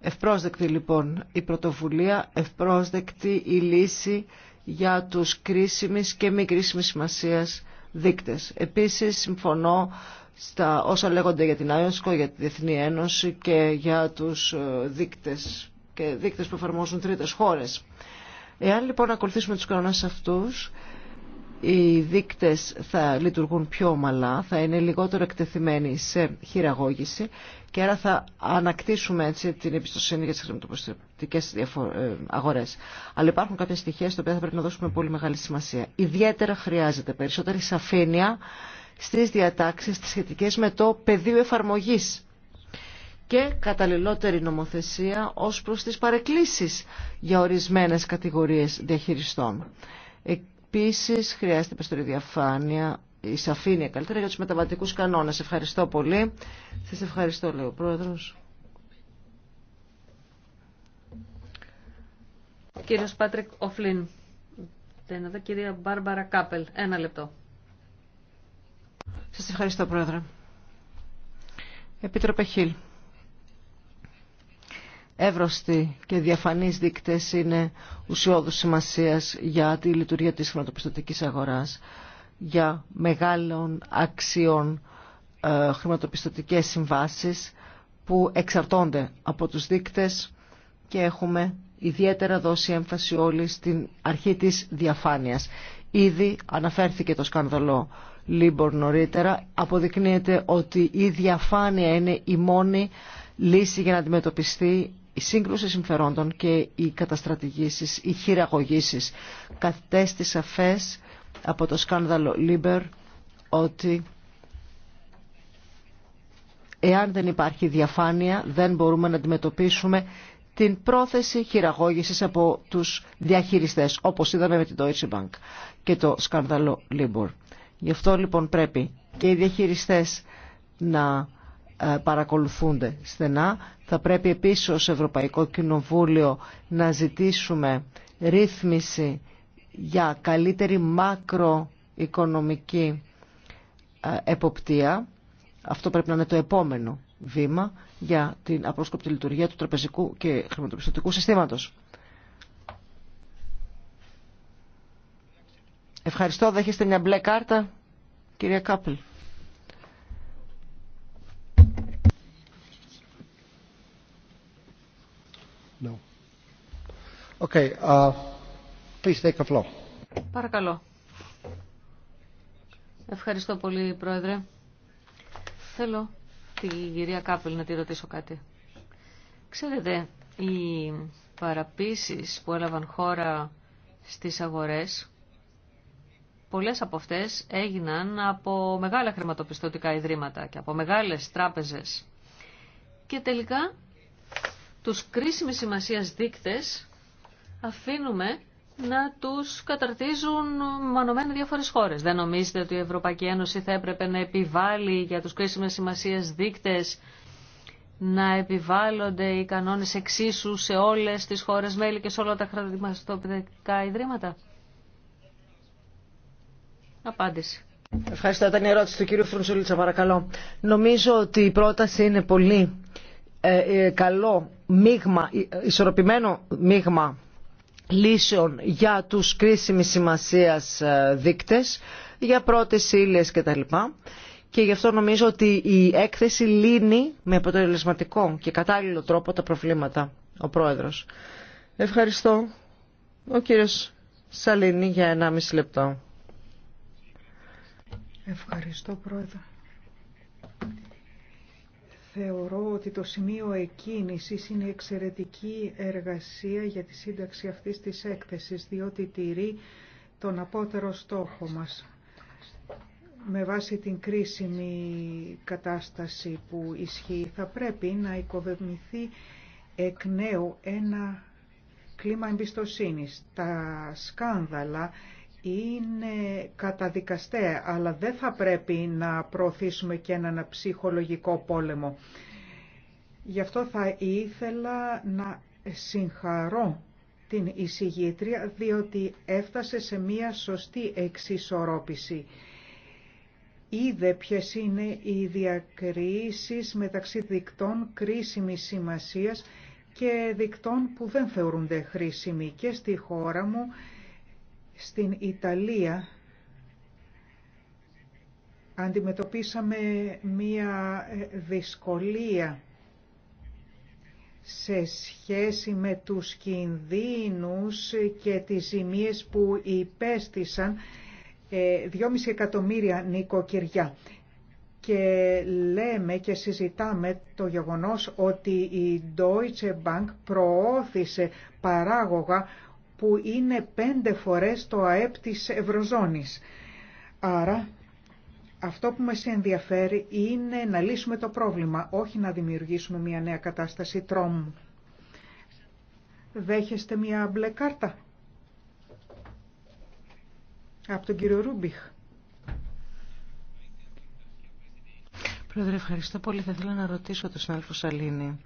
Ευπρόσδεκτη λοιπόν η πρωτοβουλία, ευπρόσδεκτη η λύση για τους κρίσιμες και μη κρίσιμης σημασίας δείκτες. Επίσης συμφωνώ στα όσα λέγονται για την ΆΙΟΣΚΟ, για τη Διεθνή Ένωση και για τους ε, δείκτες και δείκτες που εφαρμόζουν τρίτες χώρες. Εάν λοιπόν ακολουθήσουμε τους κανόνες αυτούς, οι δείκτες θα λειτουργούν πιο ομαλά, θα είναι λιγότερο εκτεθειμένοι σε χειραγώγηση και άρα θα ανακτήσουμε έτσι την εμπιστοσύνη για τις χρηματοποιητικές ε, αγορές. Αλλά υπάρχουν κάποια στοιχεία στα οποία θα πρέπει να δώσουμε πολύ μεγάλη σημασία. Ιδιαίτερα χρειάζεται περισσότερη σαφήνεια στις διατάξεις τις σχετικές με το πεδίο εφαρμογής και καταλληλότερη νομοθεσία ως προς τις παρεκκλήσεις για ορισμένες κατηγορίες διαχειριστών. Ε, Επίση, χρειάζεται περισσότερη διαφάνεια, η σαφήνεια καλύτερα για του μεταβατικούς κανόνες. Ευχαριστώ πολύ. Σα ευχαριστώ λέει ο Πρόεδρος. Κύριος Πάτρικ Οφλίν. Δεν εδώ κυρία Μπάρμπαρα Κάπελ. Ένα λεπτό. Σας ευχαριστώ Πρόεδρε. Επίτροπε Χίλ εύρωστοι και διαφανείς δείκτες είναι ουσιώδους σημασίας για τη λειτουργία της χρηματοπιστωτικής αγοράς, για μεγάλων αξιών ε, χρηματοπιστωτικές συμβάσεις που εξαρτώνται από τους δείκτες και έχουμε ιδιαίτερα δώσει έμφαση όλοι στην αρχή της διαφάνειας. Ήδη αναφέρθηκε το σκανδαλό Λίμπορ νωρίτερα. Αποδεικνύεται ότι η διαφάνεια είναι η μόνη λύση για να αντιμετωπιστεί η σύγκρουση συμφερόντων και οι καταστρατηγήσεις, οι χειραγωγήσεις. Κατέστη σαφές από το σκάνδαλο Λίμπερ ότι εάν δεν υπάρχει διαφάνεια δεν μπορούμε να αντιμετωπίσουμε την πρόθεση χειραγώγησης από τους διαχειριστές, όπως είδαμε με την Deutsche Bank και το σκάνδαλο Λίμπορ. Γι' αυτό λοιπόν πρέπει και οι διαχειριστές να ε, παρακολουθούνται στενά θα πρέπει επίσης ως Ευρωπαϊκό Κοινοβούλιο να ζητήσουμε ρύθμιση για καλύτερη μακροοικονομική ε, εποπτεία. Αυτό πρέπει να είναι το επόμενο βήμα για την απρόσκοπτη λειτουργία του τραπεζικού και χρηματοπιστωτικού συστήματος. Ευχαριστώ. Δέχεστε μια μπλε κάρτα, κυρία Κάπελ. No. Okay, uh, please take Παρακαλώ. Ευχαριστώ πολύ, Πρόεδρε. Θέλω τη κυρία Κάπελ να τη ρωτήσω κάτι. Ξέρετε, οι παραπίσεις που έλαβαν χώρα στις αγορές, πολλές από αυτές έγιναν από μεγάλα χρηματοπιστωτικά ιδρύματα και από μεγάλες τράπεζες. Και τελικά τους κρίσιμες σημασίας δείκτες αφήνουμε να τους καταρτίζουν μανωμένα διάφορες χώρες. Δεν νομίζετε ότι η Ευρωπαϊκή Ένωση θα έπρεπε να επιβάλλει για τους κρίσιμες σημασίας δείκτες να επιβάλλονται οι κανόνες εξίσου σε όλες τις χώρες μέλη και σε όλα τα χρηματοπαιδευτικά ιδρύματα. Απάντηση. Ευχαριστώ. Ήταν η ερώτηση του κύριου Φρουνσούλητσα, παρακαλώ. Νομίζω ότι η πρόταση είναι πολύ ε, ε, καλό μείγμα, ε, ισορροπημένο μείγμα λύσεων για τους κρίσιμης σημασίας δείκτες, για πρώτες ύλες κτλ. Και γι' αυτό νομίζω ότι η έκθεση λύνει με αποτελεσματικό και κατάλληλο τρόπο τα προβλήματα ο Πρόεδρος. Ευχαριστώ. Ο κύριος Σαλίνη για 1,5 λεπτό. Ευχαριστώ Πρόεδρε. Θεωρώ ότι το σημείο εκκίνησης είναι εξαιρετική εργασία για τη σύνταξη αυτής της έκθεσης, διότι τηρεί τον απότερο στόχο μας. Με βάση την κρίσιμη κατάσταση που ισχύει, θα πρέπει να οικοδομηθεί εκ νέου ένα κλίμα εμπιστοσύνης. Τα σκάνδαλα είναι καταδικαστέα, αλλά δεν θα πρέπει να προωθήσουμε και έναν ψυχολογικό πόλεμο. Γι' αυτό θα ήθελα να συγχαρώ την εισηγήτρια, διότι έφτασε σε μία σωστή εξισορρόπηση. Είδε ποιες είναι οι διακρίσεις μεταξύ δικτών κρίσιμης σημασίας και δικτών που δεν θεωρούνται χρήσιμοι και στη χώρα μου στην Ιταλία αντιμετωπίσαμε μία ε, δυσκολία σε σχέση με τους κινδύνους και τις ζημίες που υπέστησαν 2,5 ε, εκατομμύρια νοικοκυριά. Και λέμε και συζητάμε το γεγονός ότι η Deutsche Bank προώθησε παράγωγα που είναι πέντε φορές το ΑΕΠ της Ευρωζώνης. Άρα αυτό που μας ενδιαφέρει είναι να λύσουμε το πρόβλημα, όχι να δημιουργήσουμε μια νέα κατάσταση τρόμου. Δέχεστε μια μπλε κάρτα από τον κύριο Ρούμπιχ. Πρόεδρε, ευχαριστώ πολύ. Θα ήθελα να ρωτήσω τον συνάδελφο Σαλίνη.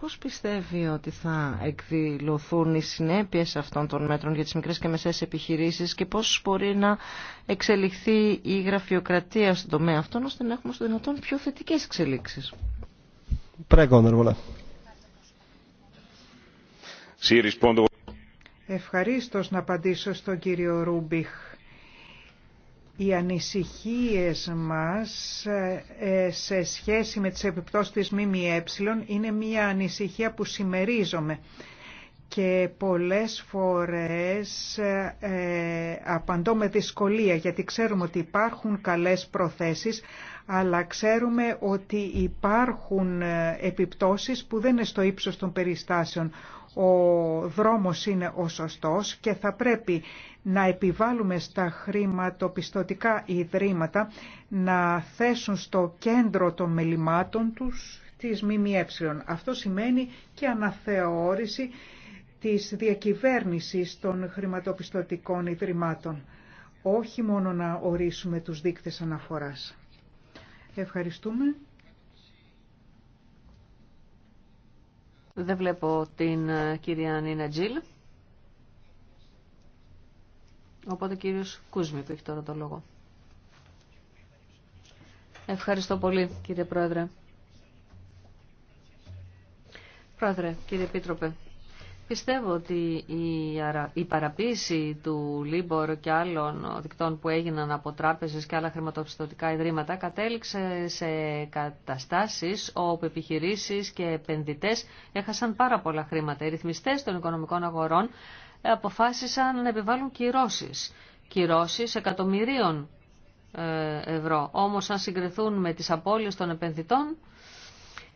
Πώς πιστεύει ότι θα εκδηλωθούν οι συνέπειες αυτών των μέτρων για τις μικρές και μεσαίες επιχειρήσεις και πώς μπορεί να εξελιχθεί η γραφειοκρατία στον τομέα αυτόν ώστε να έχουμε στο δυνατόν πιο θετικές εξελίξεις. Ευχαρίστως να απαντήσω στον κύριο Ρούμπιχ οι ανησυχίες μας ε, σε σχέση με τις επιπτώσεις της ΜΜΕ είναι μια ανησυχία που συμμερίζομαι και πολλές φορές ε, απαντώ με δυσκολία γιατί ξέρουμε ότι υπάρχουν καλές προθέσεις αλλά ξέρουμε ότι υπάρχουν ε, επιπτώσεις που δεν είναι στο ύψος των περιστάσεων ο δρόμος είναι ο σωστός και θα πρέπει να επιβάλλουμε στα χρηματοπιστωτικά ιδρύματα να θέσουν στο κέντρο των μελημάτων τους της ΜΜΕ. Αυτό σημαίνει και αναθεώρηση της διακυβέρνησης των χρηματοπιστωτικών ιδρυμάτων. Όχι μόνο να ορίσουμε τους δείκτες αναφοράς. Ευχαριστούμε. Δεν βλέπω την ε, κυρία Νίνα Τζιλ. Οπότε ο κύριος που έχει τώρα το λόγο. Ευχαριστώ πολύ κύριε Πρόεδρε. Πρόεδρε, κύριε Επίτροπε, πιστεύω ότι η παραποίηση του Λίμπορ και άλλων δικτών που έγιναν από τράπεζες και άλλα χρηματοπιστωτικά ιδρύματα κατέληξε σε καταστάσεις όπου επιχειρήσεις και επενδυτές έχασαν πάρα πολλά χρήματα. Οι ρυθμιστές των οικονομικών αγορών αποφάσισαν να επιβάλλουν κυρώσεις. Κυρώσεις εκατομμυρίων ε, ευρώ. Όμως αν συγκριθούν με τις απώλειες των επενδυτών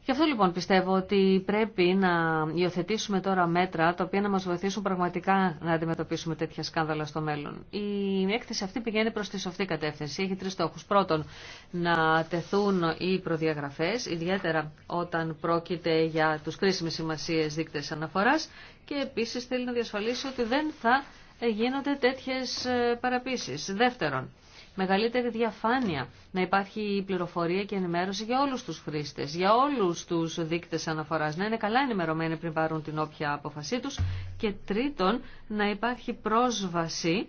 Γι' αυτό λοιπόν πιστεύω ότι πρέπει να υιοθετήσουμε τώρα μέτρα τα οποία να μας βοηθήσουν πραγματικά να αντιμετωπίσουμε τέτοια σκάνδαλα στο μέλλον. Η έκθεση αυτή πηγαίνει προς τη σωστή κατεύθυνση. Έχει τρεις στόχους. Πρώτον, να τεθούν οι προδιαγραφές, ιδιαίτερα όταν πρόκειται για τους κρίσιμες σημασίες δείκτες αναφοράς και επίσης θέλει να διασφαλίσει ότι δεν θα γίνονται τέτοιες ε, παραπίσεις. Δεύτερον, μεγαλύτερη διαφάνεια, να υπάρχει πληροφορία και ενημέρωση για όλους τους χρήστες, για όλους τους δείκτες αναφοράς, να είναι καλά ενημερωμένοι πριν πάρουν την όποια απόφασή τους και τρίτον να υπάρχει πρόσβαση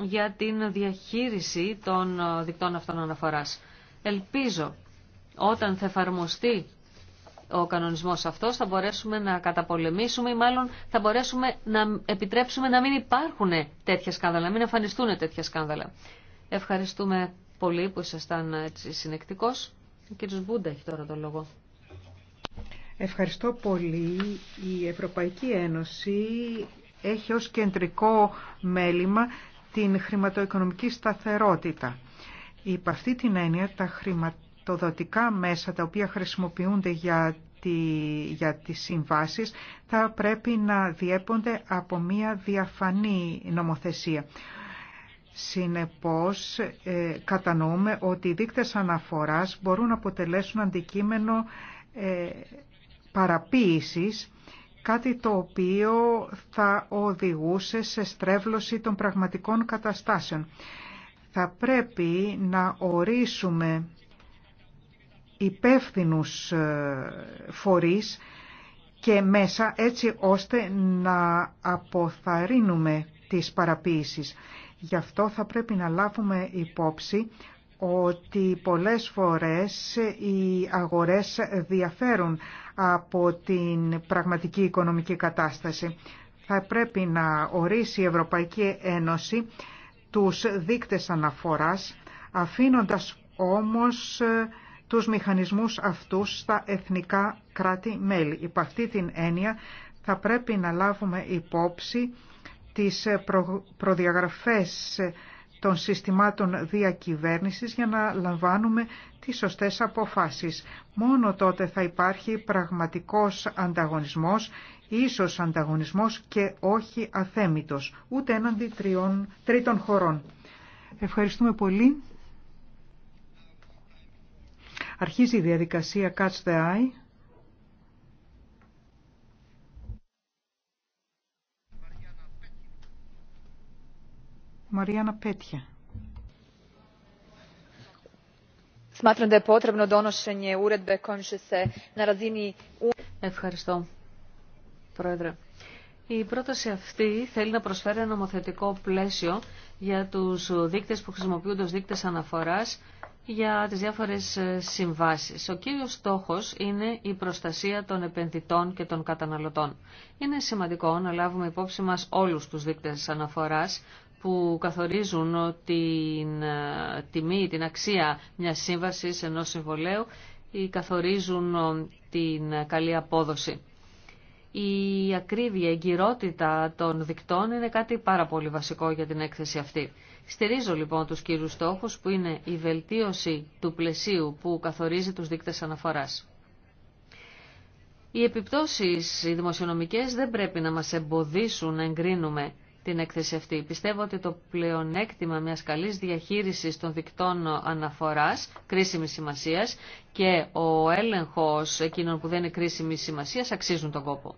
για την διαχείριση των ε, δικτών αυτών αναφοράς. Ελπίζω όταν θα εφαρμοστεί ο κανονισμός αυτός θα μπορέσουμε να καταπολεμήσουμε ή μάλλον θα μπορέσουμε να επιτρέψουμε να μην υπάρχουν τέτοια σκάνδαλα, να μην εμφανιστούν τέτοια σκάνδαλα. Ευχαριστούμε πολύ που ήσασταν έτσι συνεκτικός. Ο κ. Μπούντα έχει τώρα το λόγο. Ευχαριστώ πολύ. Η Ευρωπαϊκή Ένωση έχει ως κεντρικό μέλημα την χρηματοοικονομική σταθερότητα. Υπ' αυτή την έννοια τα χρηματοοικονομικά δοτικά μέσα τα οποία χρησιμοποιούνται για, τη, για τις συμβάσεις θα πρέπει να διέπονται από μια διαφανή νομοθεσία. Συνεπώς, ε, κατανοούμε ότι οι δείκτες αναφοράς μπορούν να αποτελέσουν αντικείμενο ε, κάτι το οποίο θα οδηγούσε σε στρέβλωση των πραγματικών καταστάσεων. Θα πρέπει να ορίσουμε υπεύθυνου ε, φορείς και μέσα έτσι ώστε να αποθαρρύνουμε τις παραποίησεις. Γι' αυτό θα πρέπει να λάβουμε υπόψη ότι πολλές φορές οι αγορές διαφέρουν από την πραγματική οικονομική κατάσταση. Θα πρέπει να ορίσει η Ευρωπαϊκή Ένωση τους δείκτες αναφοράς, αφήνοντας όμως ε, τους μηχανισμούς αυτούς στα εθνικά κράτη-μέλη. Υπ' αυτή την έννοια θα πρέπει να λάβουμε υπόψη τις προδιαγραφές των συστημάτων διακυβέρνησης για να λαμβάνουμε τις σωστές αποφάσεις. Μόνο τότε θα υπάρχει πραγματικός ανταγωνισμός, ίσως ανταγωνισμός και όχι αθέμητος, ούτε έναντι τριών, τρίτων χωρών. Ευχαριστούμε πολύ. Αρχίζει η διαδικασία Catch the Eye. Μαριάννα Πέτια. Ευχαριστώ, Πρόεδρε. Η πρόταση αυτή θέλει να προσφέρει ένα νομοθετικό πλαίσιο για τους δείκτες που χρησιμοποιούνται ως δείκτες αναφοράς για τις διάφορες ε, συμβάσεις. Ο κύριος στόχος είναι η προστασία των επενδυτών και των καταναλωτών. Είναι σημαντικό να λάβουμε υπόψη μας όλους τους δείκτες αναφοράς που καθορίζουν την ε, τιμή, την αξία μιας σύμβασης ενός συμβολέου ή καθορίζουν ε, την καλή απόδοση. Η ακρίβεια, η εγκυρότητα των δικτών είναι κάτι πάρα πολύ βασικό για την έκθεση αυτή. Στηρίζω λοιπόν τους κύριους στόχους που είναι η βελτίωση του πλαισίου που καθορίζει τους δείκτες αναφοράς. Οι επιπτώσεις οι δημοσιονομικές δεν πρέπει να μας εμποδίσουν να εγκρίνουμε την έκθεση αυτή. Πιστεύω ότι το πλεονέκτημα μιας καλής διαχείρισης των δικτών αναφοράς, κρίσιμης σημασίας και ο έλεγχος εκείνων που δεν είναι κρίσιμης σημασίας αξίζουν τον κόπο.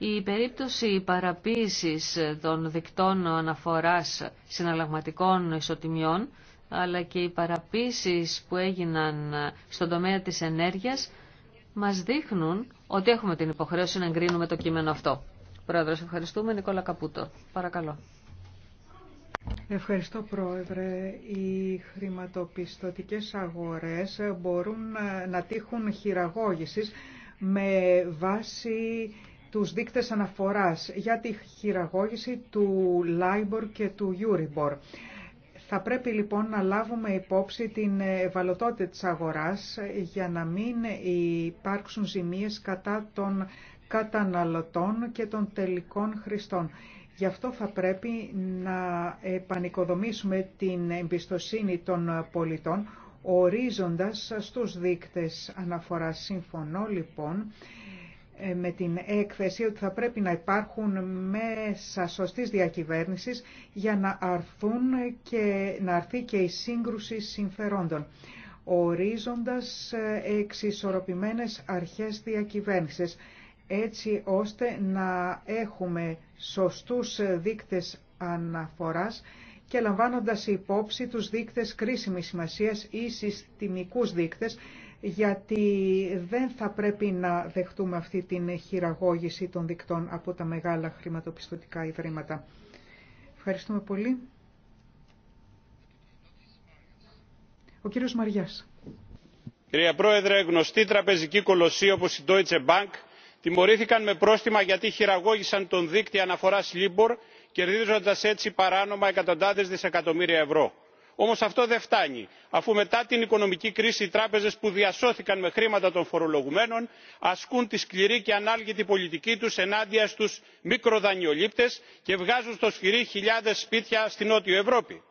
Η περίπτωση παραποίησης των δικτών αναφοράς συναλλαγματικών ισοτιμιών αλλά και οι παραποίησεις που έγιναν στον τομέα της ενέργειας μας δείχνουν ότι έχουμε την υποχρέωση να εγκρίνουμε το κείμενο αυτό. Πρόεδρος, ευχαριστούμε. Νικόλα Καπούτο, παρακαλώ. Ευχαριστώ Πρόεδρε. Οι χρηματοπιστωτικές αγορές μπορούν να τύχουν χειραγώγησης με βάση τους δείκτες αναφοράς για τη χειραγώγηση του ΛΑΙΜΠΟΡ και του EURIBOR. Θα πρέπει λοιπόν να λάβουμε υπόψη την ευαλωτότητα της αγοράς για να μην υπάρξουν ζημίες κατά των καταναλωτών και των τελικών χρηστών. Γι' αυτό θα πρέπει να επανοικοδομήσουμε την εμπιστοσύνη των πολιτών ορίζοντας στους δείκτες αναφοράς. Συμφωνώ λοιπόν ε, με την έκθεση ότι θα πρέπει να υπάρχουν μέσα σωστής διακυβέρνησης για να, αρθούν και, να αρθεί και η σύγκρουση συμφερόντων ορίζοντας ε, εξισορροπημένες αρχές διακυβέρνησης έτσι ώστε να έχουμε σωστούς δείκτες αναφοράς και λαμβάνοντας υπόψη τους δείκτες κρίσιμης σημασίας ή συστημικούς δείκτες γιατί δεν θα πρέπει να δεχτούμε αυτή την χειραγώγηση των δικτών από τα μεγάλα χρηματοπιστωτικά ιδρύματα. Ευχαριστούμε πολύ. Ο κύριος Μαριάς. Κυρία Πρόεδρε, γνωστή τραπεζική κολοσσή όπως η Deutsche Bank τιμωρήθηκαν με πρόστιμα γιατί χειραγώγησαν τον δίκτυο αναφοράς Libor, κερδίζοντας έτσι παράνομα εκατοντάδες δισεκατομμύρια ευρώ όμω αυτό δεν φτάνει αφού μετά την οικονομική κρίση οι τράπεζε που διασώθηκαν με χρήματα των φορολογουμένων ασκούν τη σκληρή και ανάλγητη πολιτική του ενάντια στους μικροδανειολήπτε και βγάζουν στο σφυρί χιλιάδε σπίτια στη Νότια ευρώπη.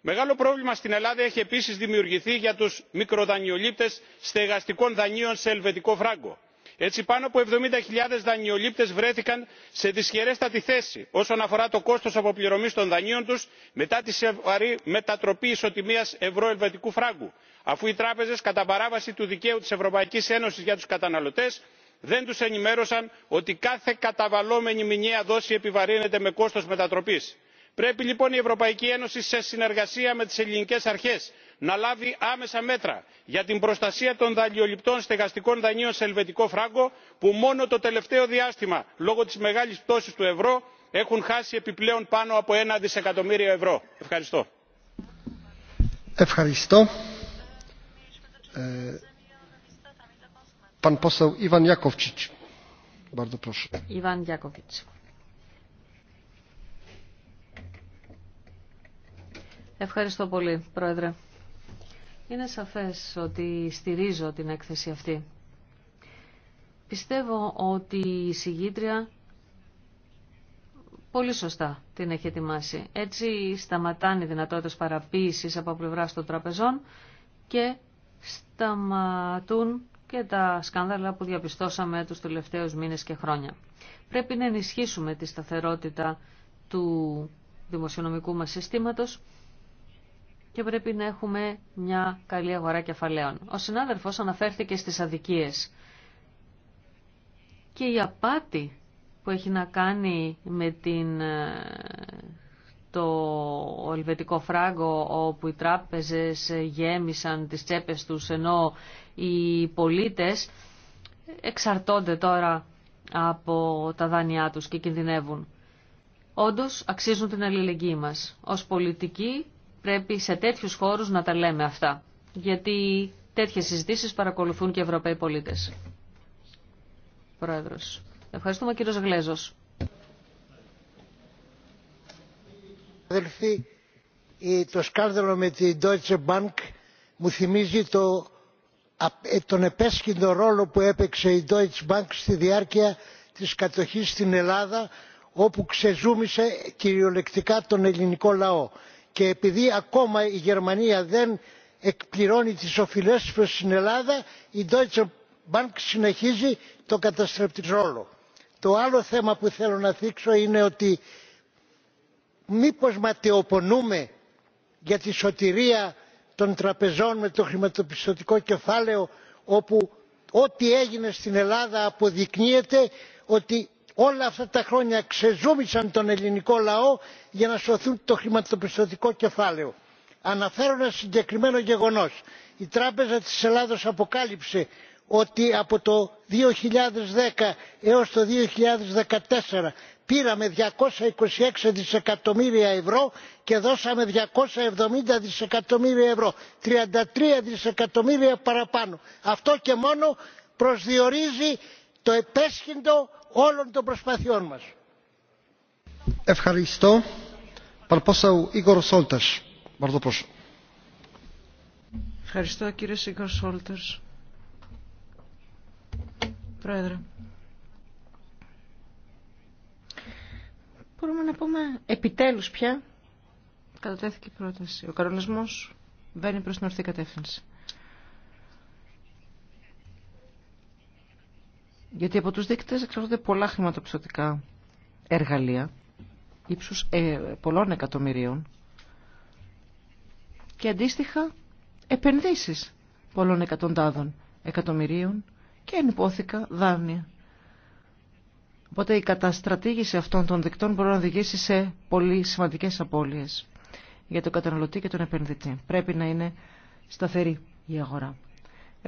μεγάλο πρόβλημα στην ελλάδα έχει επίση δημιουργηθεί για του μικροδανειολήπτε στεγαστικών δανείων σε ελβετικό φράγκο έτσι πάνω από εβδομήντα χιλιάδες δανειολήπτες βρέθηκαν σε δυσχερέστατη θέση όσον αφορά το κόστος αποπληρωμής των δανείων τους μετά τη σοβαρή μετατροπή ισοτιμίας ευρώ ελβετικού φράγκου αφού οι τράπεζες κατά παράβαση του δικαίου της ευρωπαϊκής ένωσης για τους καταναλωτές δεν τους ενημέρωσαν ότι κάθε καταβαλλόμενη μηνιαία δόση επιβαρύνεται με κόστος μετατροπής. πρέπει λοιπόν η ευρωπαϊκή ένωση σε συνεργασία με τις ελληνικές αρχές να λάβει άμεσα μέτρα για την προστασία των δαλειοληπτών στεγαστικών δανείων σε ελβετικό φράγκο που μόνο το τελευταίο διάστημα λόγω της μεγάλης πτώσης του ευρώ έχουν χάσει επιπλέον πάνω από ένα δισεκατομμύριο ευρώ. ευχαριστώ. ευχαριστώ. Ε, ευχαριστώ πολύ, Πρόεδρε. Είναι σαφές ότι στηρίζω την έκθεση αυτή. Πιστεύω ότι η συγγήτρια πολύ σωστά την έχει ετοιμάσει. Έτσι σταματάνε οι δυνατότητες παραποίησης από πλευρά των τραπεζών και σταματούν και τα σκάνδαλα που διαπιστώσαμε τους τελευταίους μήνες και χρόνια. Πρέπει να ενισχύσουμε τη σταθερότητα του δημοσιονομικού μας συστήματος και πρέπει να έχουμε μια καλή αγορά κεφαλαίων. Ο συνάδελφος αναφέρθηκε στις αδικίες και η απάτη που έχει να κάνει με την, ε, το ελβετικό φράγκο όπου οι τράπεζες γέμισαν τις τσέπες τους ενώ οι πολίτες εξαρτώνται τώρα από τα δάνειά τους και κινδυνεύουν. Όντως αξίζουν την αλληλεγγύη μας. Ως πολιτικοί πρέπει σε τέτοιους χώρους να τα λέμε αυτά. Γιατί τέτοιες συζητήσεις παρακολουθούν και οι Ευρωπαίοι πολίτες. Πρόεδρος. Ευχαριστούμε κύριος Γλέζος. Αδελφοί, το σκάνδαλο με τη Deutsche Bank μου θυμίζει το, ε, τον επέσχυντο ρόλο που έπαιξε η Deutsche Bank στη διάρκεια της κατοχής στην Ελλάδα όπου ξεζούμισε κυριολεκτικά τον ελληνικό λαό και επειδή ακόμα η Γερμανία δεν εκπληρώνει τις οφειλές προς την Ελλάδα η Deutsche Bank συνεχίζει το καταστρεπτικό ρόλο. Το άλλο θέμα που θέλω να θίξω είναι ότι μήπως ματαιοπονούμε για τη σωτηρία των τραπεζών με το χρηματοπιστωτικό κεφάλαιο όπου ό,τι έγινε στην Ελλάδα αποδεικνύεται ότι όλα αυτά τα χρόνια ξεζούμισαν τον ελληνικό λαό για να σωθούν το χρηματοπιστωτικό κεφάλαιο. αναφέρω ένα συγκεκριμένο γεγονός η τράπεζα της ελλάδος αποκάλυψε ότι από το 2010 έως το 2014 πήραμε 226 δισεκατομμύρια ευρώ και δώσαμε 270 δισεκατομμύρια ευρώ. 33 δισεκατομμύρια παραπάνω. Αυτό και μόνο προσδιορίζει το επέσχυντο όλων των προσπαθειών μας. Ευχαριστώ. Ευχαριστώ κύριε Σίγκορ Σόλτερς. Πρόεδρε. Μπορούμε να πούμε επιτέλους πια κατατέθηκε η πρόταση. Ο καρονισμός μπαίνει προς την ορθή κατεύθυνση. Γιατί από τους δείκτες εξαρτώνται πολλά χρηματοπιστωτικά εργαλεία ύψους ε, πολλών εκατομμυρίων και αντίστοιχα επενδύσεις πολλών εκατοντάδων εκατομμυρίων και ενυπόθηκα δάνεια. Οπότε η καταστρατήγηση αυτών των δικτών μπορεί να οδηγήσει σε πολύ σημαντικές απώλειες για τον καταναλωτή και τον επενδυτή. Πρέπει να είναι σταθερή η αγορά.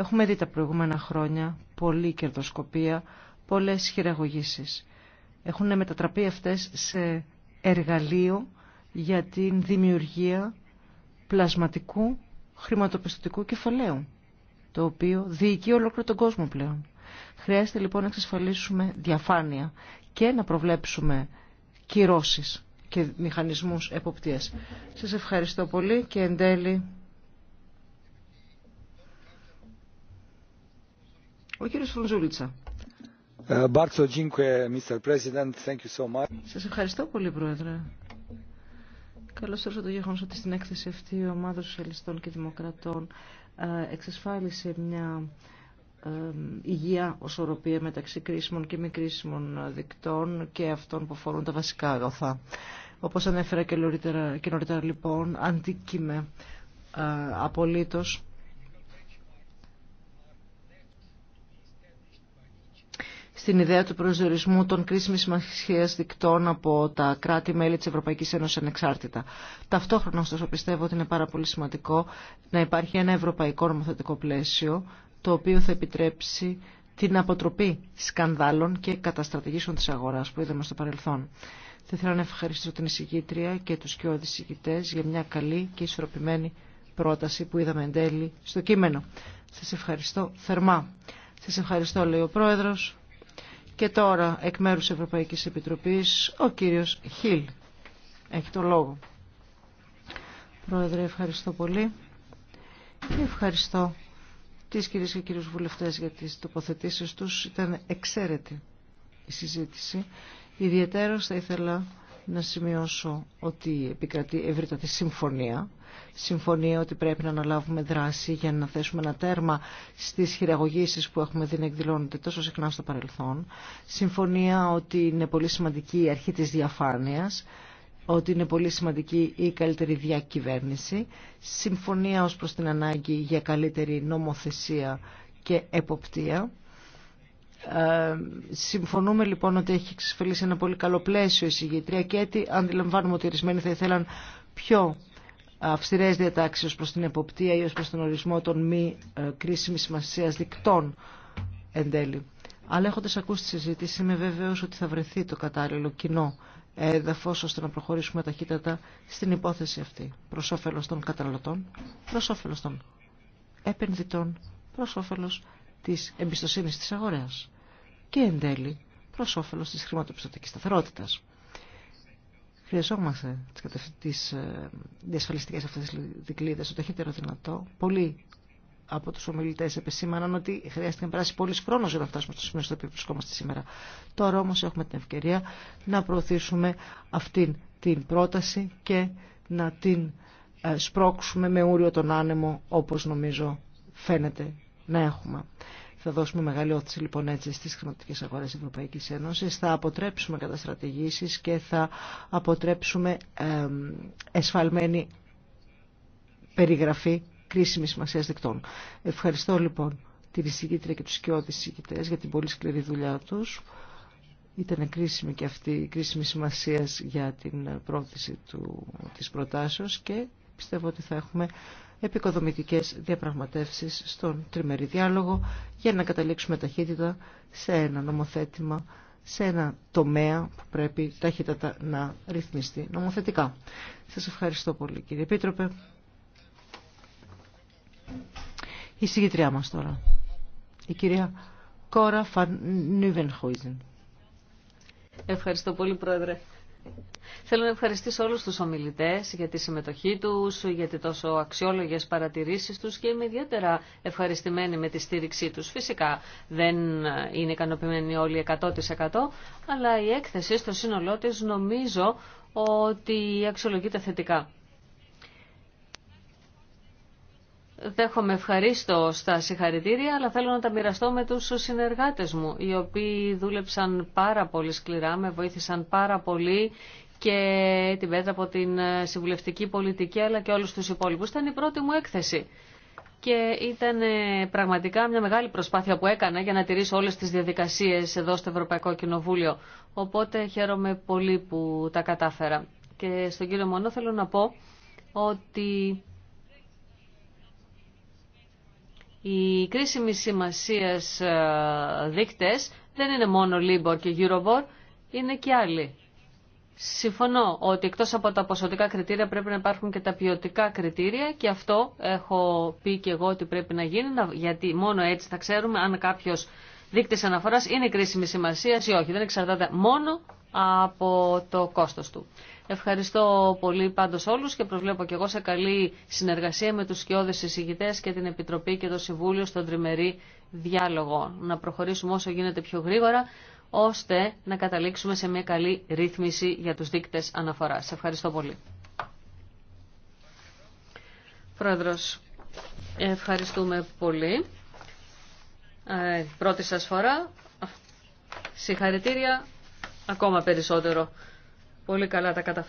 Έχουμε δει τα προηγούμενα χρόνια πολλή κερδοσκοπία, πολλές χειραγωγήσεις. Έχουν μετατραπεί αυτές σε εργαλείο για την δημιουργία πλασματικού χρηματοπιστωτικού κεφαλαίου, το οποίο διοικεί ολόκληρο τον κόσμο πλέον. Χρειάζεται λοιπόν να εξασφαλίσουμε διαφάνεια και να προβλέψουμε κυρώσεις και μηχανισμούς εποπτείας. Σας ευχαριστώ πολύ και εν τέλει Ο κύριος ε, much. Σας ευχαριστώ πολύ, Πρόεδρε. Καλώς ήρθατε το γεγονός ότι στην έκθεση αυτή η ομάδα Σοσιαλιστών και Δημοκρατών ε, εξασφάλισε μια ε, υγεία οσορροπία μεταξύ κρίσιμων και μη δικτών και αυτών που αφορούν τα βασικά αγαθά. Όπως ανέφερα και νωρίτερα, και λοιπόν, αντίκειμε απολύτως στην ιδέα του προσδιορισμού των κρίσιμης σημασίας δικτών από τα κράτη-μέλη της Ευρωπαϊκής Ένωσης ανεξάρτητα. Ταυτόχρονα, ωστόσο, πιστεύω ότι είναι πάρα πολύ σημαντικό να υπάρχει ένα ευρωπαϊκό νομοθετικό πλαίσιο, το οποίο θα επιτρέψει την αποτροπή σκανδάλων και καταστρατηγήσεων της αγοράς που είδαμε στο παρελθόν. Θα ήθελα να ευχαριστήσω την εισηγήτρια και τους και οδησηγητές για μια καλή και ισορροπημένη πρόταση που είδαμε εν τέλει στο κείμενο. Σας ευχαριστώ θερμά. Σας ευχαριστώ, λέει ο Πρόεδρος. Και τώρα, εκ μέρου τη Ευρωπαϊκή Επιτροπή, ο κύριο Χιλ. Έχει το λόγο. Πρόεδρε, ευχαριστώ πολύ. Και ευχαριστώ τις κυρίες και κύριους βουλευτές για τις τοποθετήσεις τους. Ήταν εξαίρετη η συζήτηση. Ιδιαίτερα θα ήθελα να σημειώσω ότι επικρατεί ευρύτατη συμφωνία. Συμφωνία ότι πρέπει να αναλάβουμε δράση για να θέσουμε ένα τέρμα στις χειραγωγήσεις που έχουμε δει να εκδηλώνονται τόσο συχνά στο παρελθόν. Συμφωνία ότι είναι πολύ σημαντική η αρχή της διαφάνειας ότι είναι πολύ σημαντική η καλύτερη διακυβέρνηση, συμφωνία ως προς την ανάγκη για καλύτερη νομοθεσία και εποπτεία. Ε, συμφωνούμε λοιπόν ότι έχει εξασφαλίσει ένα πολύ καλό πλαίσιο η συγγετρία και έτσι αντιλαμβάνουμε ότι ορισμένοι θα ήθελαν πιο αυστηρές διατάξεις ως προς την εποπτεία ή ως προς τον ορισμό των μη ε, κρίσιμης σημασίας δικτών εν τέλει. Αλλά έχοντας ακούσει τη συζήτηση είμαι βέβαιος ότι θα βρεθεί το κατάλληλο κοινό έδαφο ώστε να προχωρήσουμε ταχύτατα στην υπόθεση αυτή προς όφελος των καταναλωτών, προς όφελος των επενδυτών, προ όφελο της εμπιστοσύνης της αγοράς και εν τέλει προς όφελος της χρηματοπιστωτικής σταθερότητας. Χρειαζόμαστε τις ε, διασφαλιστικές αυτές τις δικλείδες το ταχύτερο δυνατό. Πολλοί από τους ομιλητές επεσήμαναν ότι χρειάστηκε να περάσει πολλής χρόνος για να φτάσουμε στο σημείο στο οποίο βρισκόμαστε σήμερα. Τώρα όμως έχουμε την ευκαιρία να προωθήσουμε αυτήν την πρόταση και να την ε, σπρώξουμε με ούριο τον άνεμο όπως νομίζω φαίνεται να έχουμε. Θα δώσουμε μεγάλη όθηση λοιπόν έτσι στις χρηματικές αγορές Ευρωπαϊκής Ένωσης, θα αποτρέψουμε καταστρατηγήσεις και θα αποτρέψουμε εσφαλμένη περιγραφή κρίσιμης σημασία δικτών. Ευχαριστώ λοιπόν την εισηγήτρια και τους κοιότητες εισηγητές για την πολύ σκληρή δουλειά τους. Ήταν κρίσιμη και αυτή η κρίσιμη σημασία για την πρόθεση του, της προτάσεως και πιστεύω ότι θα έχουμε επικοδομητικές διαπραγματεύσεις στον τριμερή διάλογο για να καταλήξουμε ταχύτητα σε ένα νομοθέτημα, σε ένα τομέα που πρέπει ταχύτατα να ρυθμιστεί νομοθετικά. Σας ευχαριστώ πολύ κύριε Επίτροπε. Η συγκεκριά μας τώρα, η κυρία Κόρα Φαν Νιουβενχόιζεν. Ευχαριστώ πολύ πρόεδρε. Θέλω να ευχαριστήσω όλους τους ομιλητές για τη συμμετοχή τους, για τις τόσο αξιόλογες παρατηρήσεις τους και είμαι ιδιαίτερα ευχαριστημένη με τη στήριξή τους. Φυσικά δεν είναι ικανοποιημένοι όλοι 100% αλλά η έκθεση στο σύνολό της νομίζω ότι αξιολογείται θετικά. Δέχομαι ευχαρίστω στα συγχαρητήρια, αλλά θέλω να τα μοιραστώ με τους συνεργάτες μου, οι οποίοι δούλεψαν πάρα πολύ σκληρά, με βοήθησαν πάρα πολύ και την πέτρα από την ε, συμβουλευτική πολιτική, αλλά και όλους τους υπόλοιπους. Ήταν η πρώτη μου έκθεση και ήταν ε, πραγματικά μια μεγάλη προσπάθεια που έκανα για να τηρήσω όλες τις διαδικασίες εδώ στο Ευρωπαϊκό Κοινοβούλιο. Οπότε χαίρομαι πολύ που τα κατάφερα. Και στον κύριο Μονό θέλω να πω ότι Οι κρίσιμη σημασία ε, δείκτε δεν είναι μόνο Libor και Eurobor, είναι και άλλοι. Συμφωνώ ότι εκτός από τα ποσοτικά κριτήρια πρέπει να υπάρχουν και τα ποιοτικά κριτήρια και αυτό έχω πει και εγώ ότι πρέπει να γίνει, γιατί μόνο έτσι θα ξέρουμε αν κάποιο δείκτη αναφοράς είναι κρίσιμη σημασία ή όχι. Δεν εξαρτάται μόνο από το κόστο του. Ευχαριστώ πολύ πάντως όλους και προβλέπω και εγώ σε καλή συνεργασία με τους σκιώδες εισηγητές και την Επιτροπή και το Συμβούλιο στον τριμερή διάλογο. Να προχωρήσουμε όσο γίνεται πιο γρήγορα ώστε να καταλήξουμε σε μια καλή ρύθμιση για τους δείκτες αναφοράς. ευχαριστώ πολύ. Πρόεδρος, ευχαριστούμε πολύ. Ε, πρώτη σας φορά. Συγχαρητήρια ακόμα περισσότερο. Πολύ καλά τα καταφέρατε.